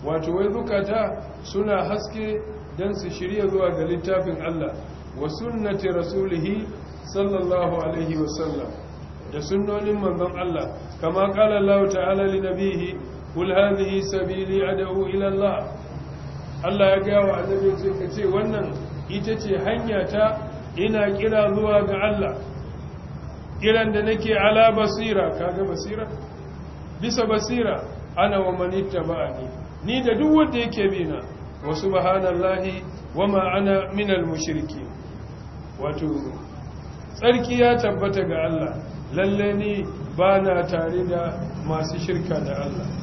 wato wai zukata suna haske dan su shirya zuwa ga littafin Allah wa sunnati rasulihi sallallahu alaihi wasallam da sunnonin manzon Allah kama qala Allah ta'ala li kul hadhihi sabili ad'u ila Allah Allah ya gaya wa annabi sai ka ce wannan ita ce hanya ta ina kira zuwa ga Allah kiran da nake ala basira kaga basira bisa basira ana wa man ittaba'ani ni da duk wanda yake bina na wa subhanallahi wama ana minal mushriki wato tsarki ya tabbata ga Allah lalle ni ba na tare da masu shirka da Allah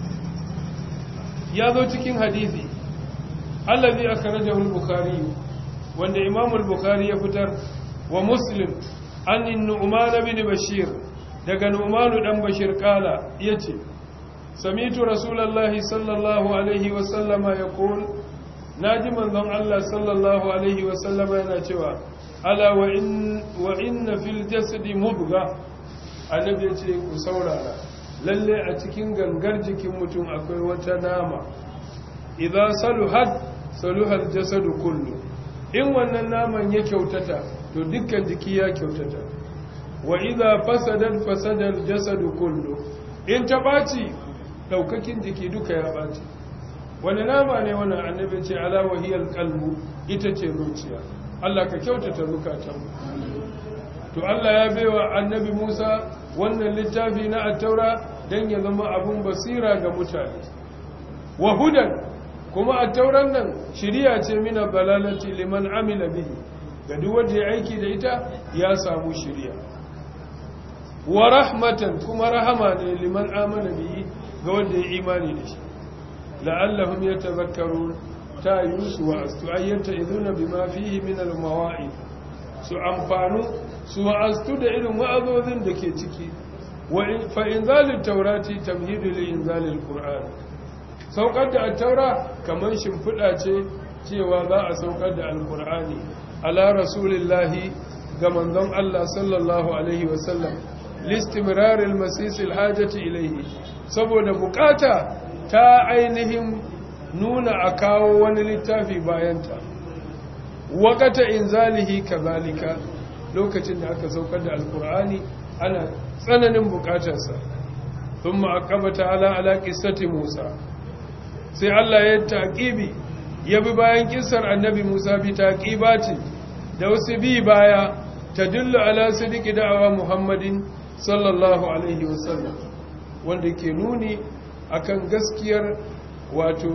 ya zo cikin hadisi allazi akhrajahu al-bukhari wanda imam al-bukhari ya fitar wa muslim an nu'man ibn bashir daga nu'man dan bashir kala yace samitu rasulullahi sallallahu alaihi wa sallama yaqul naji manzon Allah sallallahu alaihi wa sallama yana cewa ala wa in wa inna fil jasadi mubgha annabi yace ku saurara lalle a cikin gangar jikin mutum akwai wata nama idza saluhat saluhat jasadu kullu in wannan naman ya kyautata to dukkan jiki ya kyautata wa idza fasadar fasadar jasadu kullu in ta baci daukakin jiki duka ya baci wani nama ne wannan annabi ce ala wahiyal ita ce zuciya Allah ka kyautata zukatan to Allah ya baiwa annabi Musa wannan littafi na at-taura don ya zama abin basira ga mutane wa hudan kuma a tauran nan shiriya ce mina balalati liman amina bihi ga duk wanda ya aiki da ita ya samu shirya. wa rahmatan kuma rahama ne liman amina bihi ga wanda ya imani da shi la'allahum yatazakkarun ta yi su wa astu ayyanta iduna bima fihi min al-mawa'id su amfanu su wa'astu da irin wa'azozin da ke ciki fa'inzalin taurati tamhidu li'inzalin ƙur'an saukar da taura kamar shimfiɗa ce cewa za a saukar da alƙur'ani ala rasulillahi ga manzon Allah sallallahu alaihi wasallam listimirarin masisil hajjati ilaihi saboda buƙata ta ainihin nuna a kawo wani littafi bayanta wakata inzalihi kazalika lokacin da aka saukar da alƙur'ani ana tsananin bukatarsa sun ma'akaba ta ala kisati musa sai allah ya taƙibi ya bi bayan kisar annabi musa bi taƙibati da wasu bi baya ta dillu ala sidiki da'awa muhammadin sallallahu alaihi wasallam wanda ke nuni akan gaskiyar wato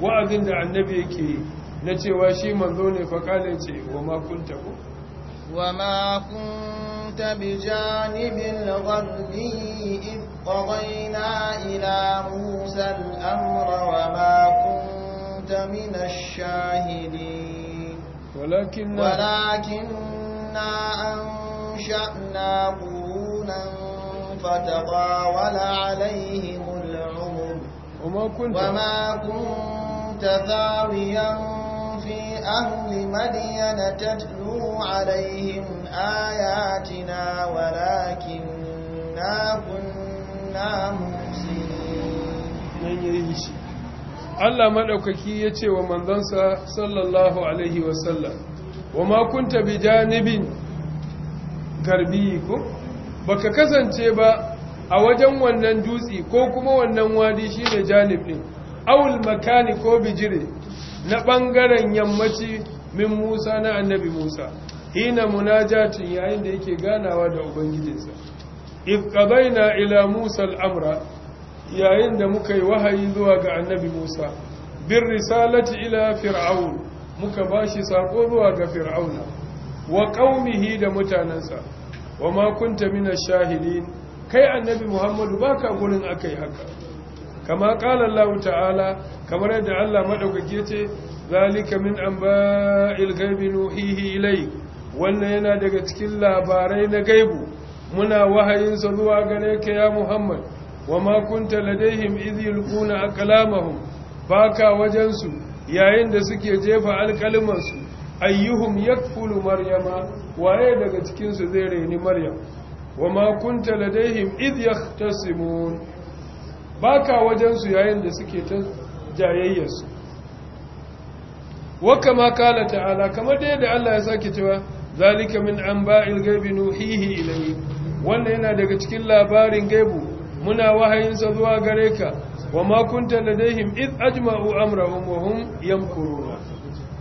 wa'azin da annabi yake yi na cewa shi manzo ne fa kalance wa ma kun wa ma كنت بجانب الغربي إذ قضينا إلى موسى الأمر وما كنت من الشاهدين ولكن ولكننا أنشأنا قرونا فتطاول عليهم العمر وما كنت, وما كنت ثاويا في أهل مدين تتلو عليهم آياتنا ولكننا كنا مرسلين Allah maɗaukaki ya ce wa manzansa sallallahu Alaihi wasallam, wa kunta bi janibin garbi ko? Baka kasance ba a wajen wannan dutse ko kuma wannan wadi shine janib ɗin, awul makani ko bijire na ɓangaren yammaci min musa na annabi musa hina munajatin yayin da yake ganawa da ubangijinsa na ila musa Al-Amra yayin da muka yi wahayi zuwa ga annabi musa bin risalati ila fir'aun muka ba shi sako zuwa ga fir'auna wa qaumihi da mutanansa wa makunta kunta mina shahidin kai annabi muhammadu baka gurin akai haka kama qala Allah ta'ala kamar yadda Allah madaukaki yace zalika min anba'il ghaibi nuhihi ilayk wannan yana daga cikin labarai na gaibu muna wahayin sa zuwa gare ka ya Muhammad wama kunta ladaihim idh yulquna aqlamahum baka wajen su yayin da suke jefa alƙalman su ayyuhum maryama waye daga cikinsu zai raini maryam wama kunta ladaihim idh yahtasimun ba ka wajensu yayin da suke ta jayayyarsu waka ma kala ta'ala kamar dai da Allah ya sake cewa zalika min anba'il ghaibi nuhihi ilayhi wannan yana daga cikin labarin gaibu muna wahayin sa zuwa gare ka wa ma kunta ladaihim id ajma'u amrahum wa hum yamkuruna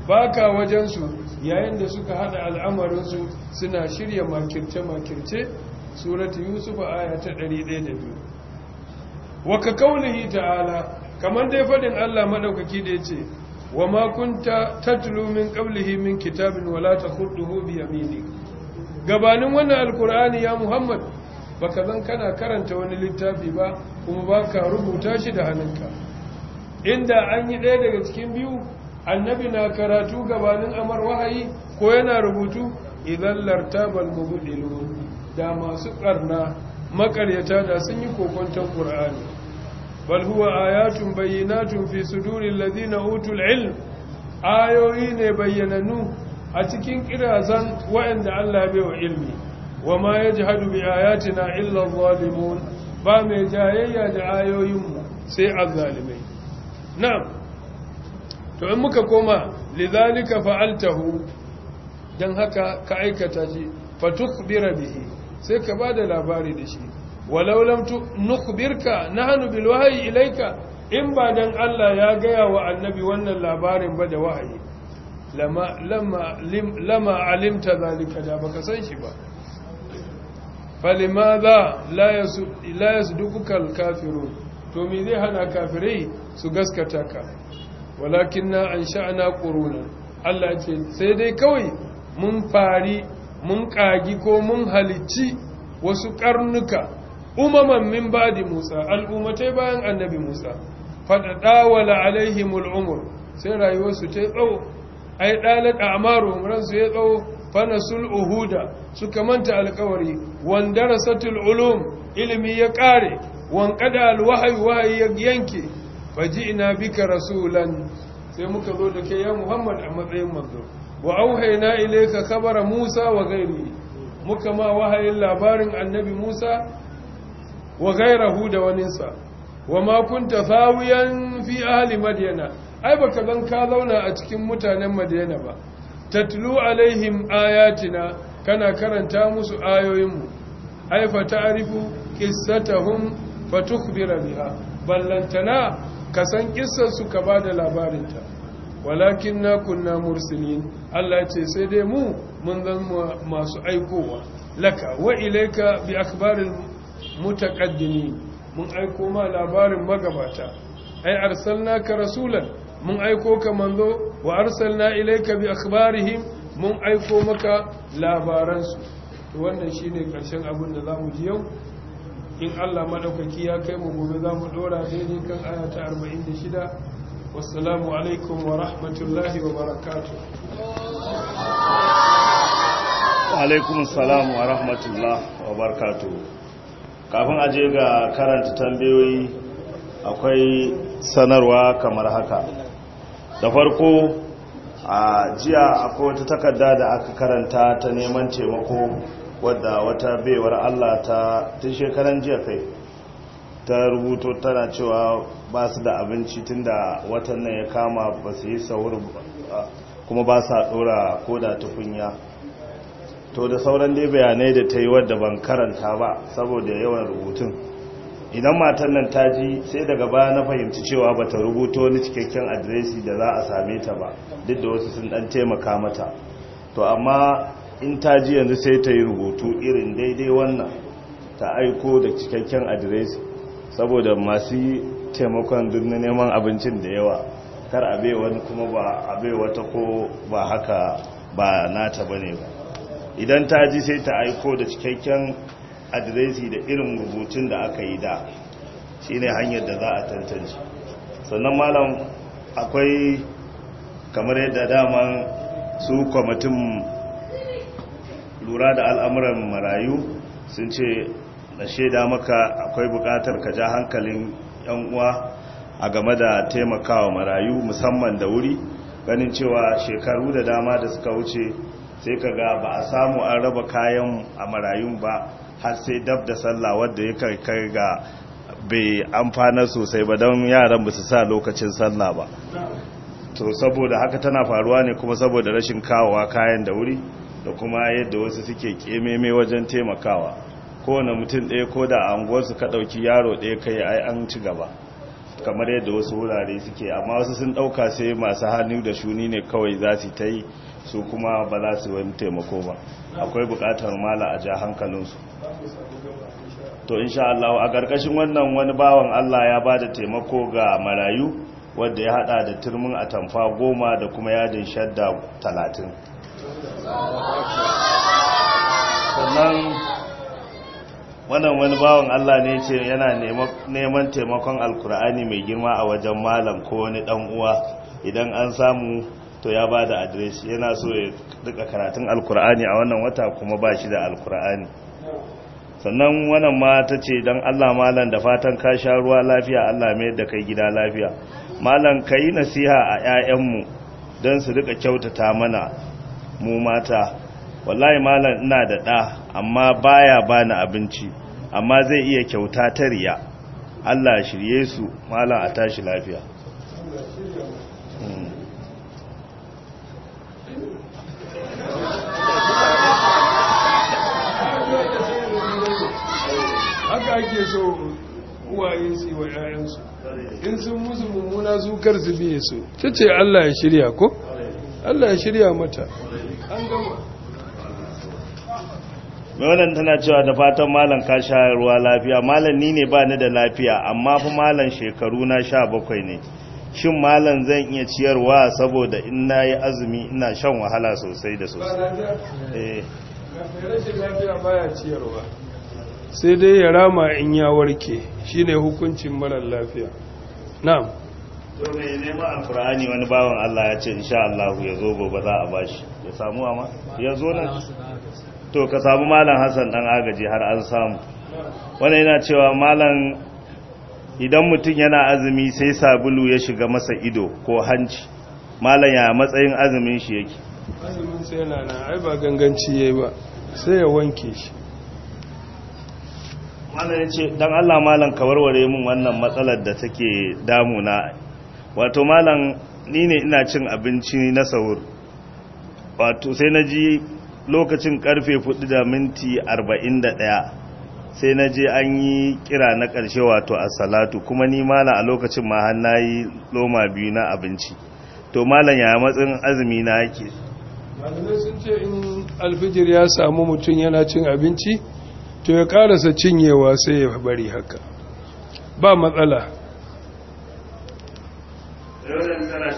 baka wajensu yayin da suka hada al'amarinsu suna shirya makirce makirce suratu yusuf aya ta 102 wa ka kaunihi ta'ala kamar dai faɗin Allah maɗaukaki da ya ce wa ma kunta tatlu min qablihi min kitabin wala takhuduhu bi yaminik gabanin wannan alkur'ani ya muhammad baka zan kana karanta wani littafi ba kuma baka rubuta shi da hannunka inda an yi ɗaya daga cikin biyu annabi na karatu gabanin amar wahayi ko yana rubutu idan lartabal mubdilun da masu ƙarna makaryata da sun yi kokon qur'ani bal huwa ayatun bayyinatun fi suduril ladina utul ilm ayoyi ne bayyananu a cikin kirazan waɗanda Allah ya baiwa ilmi wa ma yajhadu bi ayatina illa adh-dhalimun ba mai jayayya da ayoyinmu sai azzalimai na'am to in muka koma lidhalika fa'altahu dan haka ka aikata shi fatukbira bihi sai ka ba da labari da shi walau lam nukhbirka nahnu bil wahyi ilayka in ba dan Allah ya gaya wa annabi wannan labarin ba da wahayi lama lama lama alimta zalika da baka san shi ba falimadha la yasu la yasdukuka al kafirun to me zai hana kafirai su gaskata ka walakinna ansha'na quruna Allah ce sai dai kawai mun fari mun ƙagi, ko mun halicci wasu karnuka umaman min ba'di Musa al'ummatai bayan annabi Musa fadada wala alaihimul sai rayuwarsu ta tsawo ai a maro ransu ya tsawo fanasul uhuda suka manta alkawari wandarasatul ulum ilimi ya ƙare wanqada alwahyi wahayi ya yanke faji'na bika rasulan sai muka zo da ke ya Muhammad a matsayin manzo wa ile ka kabara Musa wa ghairihi muka ma wahayin labarin annabi Musa wa gairahu da waninsa wa ma kunta fi ahli madyana ai baka zan ka zauna a cikin mutanen Madiyana ba tatlu alaihim ayatina kana karanta musu ayoyinmu ai fa ta qissatahum fa tukhbira biha ballantana ka san kissar su ba da labarinta walakin na kunna mursilin Allah ce sai dai mu mun zan masu aikowa laka wa ilaika bi akbarin mutaqaddimi mun aiko ma labarin magabata ai ka rasulan mun aiko ka manzo wa arsalna ilayka bi akhbarihim mun aiko maka labaransu to wannan shine karshen abin da zamu ji yau in Allah madaukaki ya kai mu gobe zamu dora daidai kan aya ta 46 wassalamu alaikum wa rahmatullahi wa barakatuh wa alaikum assalam wa rahmatullahi wa barakatuh kafin aje ga karanta tambayoyi akwai sanarwa kamar haka da farko a jiya akwai wata takarda da aka karanta ta neman taimako wadda wata baiwar allah ta tun shekaran jiya kai ta rubuto tana cewa ba su da abinci tun da watan nan ya kama ba su yi sauri kuma ba sa dora ko da tukunya to da sauran dai bayanai da ta yi wadda ban karanta ba saboda yawan rubutun idan matan nan ta ji sai daga ba na fahimci cewa ba ta rubuto wani cikakken adresi da za a same ta ba duk da wasu sun dan taimaka mata to amma in ta ji yanzu sai ta yi rubutu irin daidai wannan ta aiko da cikakken adresi saboda masu yi taimakon duk na neman abincin da yawa kar a bai wani kuma ba a bai wata ko ba haka ba nata bane ba idan ta ji sai ta aiko da cikakken adresi da irin rubutun da aka yi da shi ne hanyar da za a tantance sannan malam akwai kamar yadda dama su kwamitin lura da al'amuran marayu sun ce na shaida maka akwai bukatar ka ja hankalin 'yan uwa a game da taimakawa marayu musamman da wuri ganin cewa shekaru da dama da suka wuce sai ka ga ba a samu an raba kayan a marayun ba har sai dab da sallah wadda ya kai ga bai amfana sosai ba don yaran ba su sa lokacin sallah ba to saboda haka tana faruwa ne kuma saboda rashin kawowa kayan da wuri da kuma yadda wasu suke kememe wajen taimakawa kowane mutum ɗaya ko da a unguwarsu ka ɗauki yaro ɗaya kai ai an ci gaba kamar yadda wasu wurare suke amma wasu sun ɗauka sai masu hannu da shuni ne kawai za su ta yi su kuma ba za su wani taimako ba akwai bukatar mala a ja hankalinsu to insha Allah a ƙarƙashin wannan wani bawan Allah ya ba da taimako ga marayu wadda ya hada da turmin atamfa goma da kuma yadin shadda talatin sannan wannan wani bawan Allah ne ce yana neman taimakon alkur'ani mai girma a wajen malam ko wani dan uwa idan an samu to ya ba da adireshi yana so ya duka karatun alkur'ani a wannan wata kuma ba shi da alkur'ani sannan wannan ma ta ce don Allah malam da fatan ka sha ruwa lafiya Allah mai da kai gida lafiya malam ka yi nasiha a 'ya'yanmu don su duka kyautata mana mu mata wallahi malam ina da ɗa amma baya bani abinci amma zai iya kyauta ta riya Allah shirye su malam a tashi lafiya hmm. haka ake so uwaye su wa ‘ya'yansu in sun musu mummuna su kar su biye su ta ce Allah ya shirya ko? Allah ya shirya mata an gama mai wannan tana cewa da fatan malam ka shayarwa lafiya malam ni ne ba ni da lafiya amma fa malam shekaru na sha bakwai ne shin malam zan iya ciyarwa saboda in yi azumi ina shan wahala sosai da sosai eh. sai dai ya rama in ya warke shine hukuncin marar lafiya na'am to mai nema alkur'ani wani bawon Allah ya ce insha Allah ya zo gobe za a bashi ya samu amma ya zo nan to ka samu malam hassan dan agaji har an samu wannan yana cewa malam idan mutum yana azumi sai sabulu ya shiga masa ido ko hanci malam ya matsayin azumin shi yake azumin sai yana na ai ba ganganci yayi ba sai ya wanke shi malam ya ce dan Allah malam ka warware min wannan matsalar da take damuna wato malam ni ne ina cin abinci na sahur wato sai na ji lokacin karfe 4 da minti 41 sai na je an yi kira na karshe wato a salatu kuma ni mala a lokacin ma hannu yi loma biyu na abinci to malam ya matsin azumi na yake malamai sun ce in alfijir ya samu mutum yana cin abinci to ya karasa cinyewa sai ya bari haka ba matsala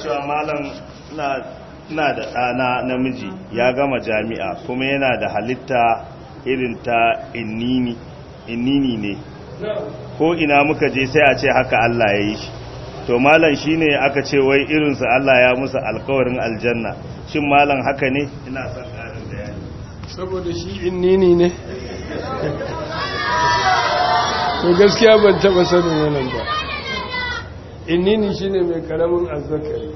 cewa malam na na da ɗana namiji ya gama jami'a kuma yana da halitta irin ta innini ne ko ina muka je sai a ce haka Allah ya yi shi to malam shine aka ce wai irinsa Allah ya musu alkawarin aljanna shin malam haka ne ina son ƙarin yanayi saboda shi innini ne to gaskiya ban taba sanin wannan ba innini shine mai karamin azzakari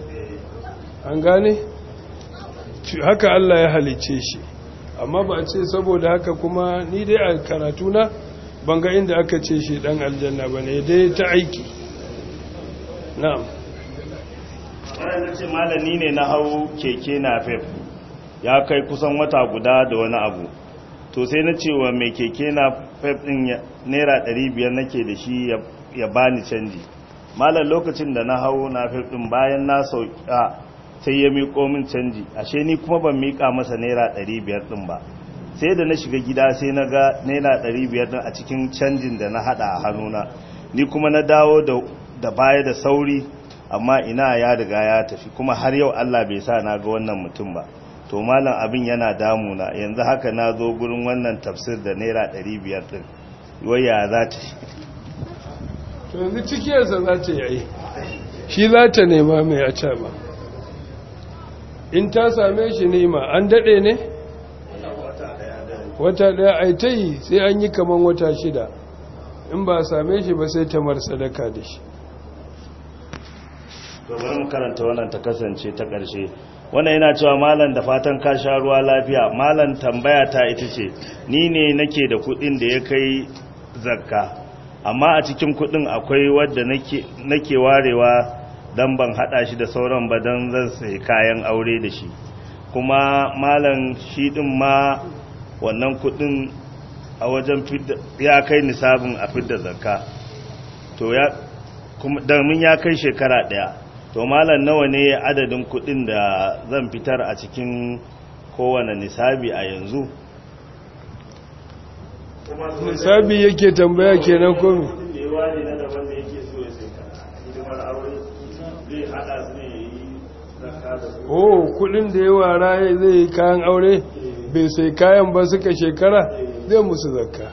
an gane haka Allah ya halice shi amma ba ce saboda haka kuma ni dai a karatu na banga inda aka ce shi dan aljanna bane dai ta aiki na'am na ce malami ne na hau keke na fef ya kai kusan wata guda da wani abu to sai na cewa mai keke na fef din naira 500 nake da shi ya bani canji malam lokacin da na hau na fef din bayan na sauka sai ya miƙo min canji ashe ni kuma ban miƙa masa naira ɗari biyar ɗin ba sai da na shiga gida sai na ga naira ɗari biyar ɗin a cikin canjin da na haɗa a hannuna ni kuma na dawo da baya da sauri amma ina ya riga ya tafi kuma har yau Allah bai sa na ga wannan mutum ba to malam abin yana damuna yanzu haka na zo gurin wannan tafsir da naira ɗari biyar ɗin waya za ta to yanzu cikiyarsa za ta yayi shi za ta nema mai a ba in ta same shi nema an daɗe ne wata ɗaya a ta yi sai an yi kaman wata shida in ba same shi ba sai tamar sadaka da shi domin karanta wannan ta kasance ta ƙarshe wannan yana cewa malam da fatan ka sha ruwa lafiya malam tambaya ta ita ce ni ne nake da kuɗin da ya kai zakka amma a cikin kuɗin akwai wadda nake warewa dan ban hada shi da sauran ba dan zan sai kayan aure da shi kuma malam shi din ma wannan kudin a wajen ya kai nisabin a fidda zakka to ya kuma damin ya kai shekara daya to malam nawa ne adadin kudin da zan fitar a cikin kowane nisabi a yanzu nisabi yake tambaya kenan ko ne wani na daban da yake so ya sai hidimar aure oh kudin da yawa raye zai yi kayan aure eh. bai sai kayan ba suka shekara eh. zai musu zakka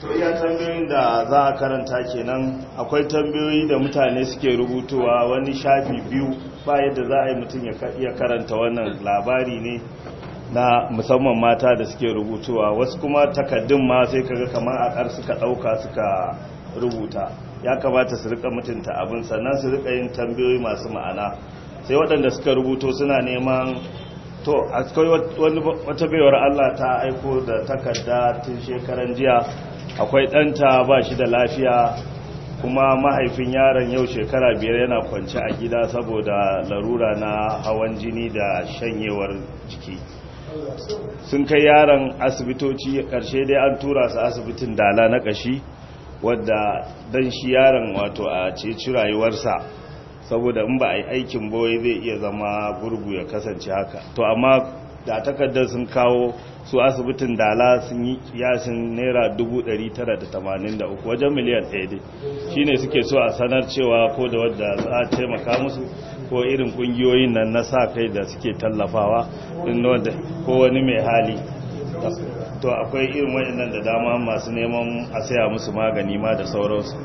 to tambayoyin da za a karanta kenan akwai tambayoyi da mutane suke rubutuwa wani shafi biyu ba yadda za a yi mutum ya karanta wannan labari ne na musamman mata da suke rubutuwa wasu kuma takaddun ma sai kaga kamar a ƙar suka ɗauka suka rubuta ya kamata su rika mutunta abin sannan su rika yin tambayoyi masu ma'ana sai waɗanda suka rubuto suna neman to kai wata baiwar Allah ta aiko da takarda tun shekaran jiya akwai ɗanta ba shi da lafiya kuma mahaifin yaron yau shekara biyar yana kwance a gida saboda larura na hawan jini da shanyewar jiki sun kai yaron asibitoci ƙarshe dai an tura su asibitin dala na ƙashi wadda dan shi yaron wato a ceci rayuwarsa saboda in ba a yi aikin boye zai iya zama gurgu ya kasance haka to amma da takardar sun kawo su asibitin dala sun yi yasin naira 983 wajen miliyan ɗaya shine suke so a sanar cewa ko da wadda za a taimaka musu ko irin kungiyoyin nan na sa kai da suke tallafawa ko wani mai hali to akwai irin waɗannan da dama masu neman a saya musu magani ma da sauransu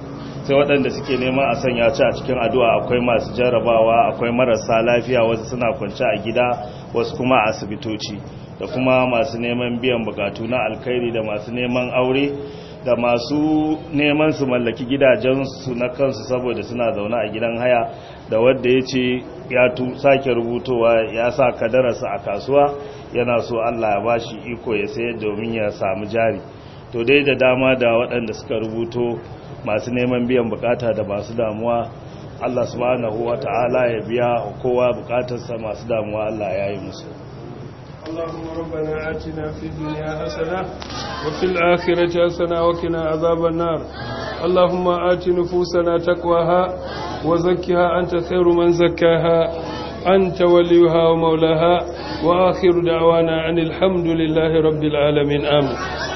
sai waɗanda suke neman a sanya ci a cikin addu'a akwai masu jarrabawa akwai marasa lafiya wasu suna kwance a gida wasu kuma a asibitoci da kuma masu neman biyan bukatu na alkhairi da masu neman aure da masu neman su mallaki gidajen su na kansu saboda suna zaune a gidan haya da wanda ya ce ya sake rubutowa ya sa kadararsa a kasuwa yana so Allah ya bashi iko ya sayar domin ya samu jari to dai da dama da waɗanda suka rubuto masu neman biyan bukata da masu damuwa Allah subhanahu wa ta'ala ya biya kowa bukatarsa masu damuwa Allah ya yi musu اللهم ربنا آتنا في الدنيا حسنة وفي الآخرة حسنة وقنا عذاب النار اللهم آت نفوسنا تقواها وزكها أنت خير من زكاها أنت وليها ومولاها وآخر دعوانا عن الحمد لله رب العالمين آمين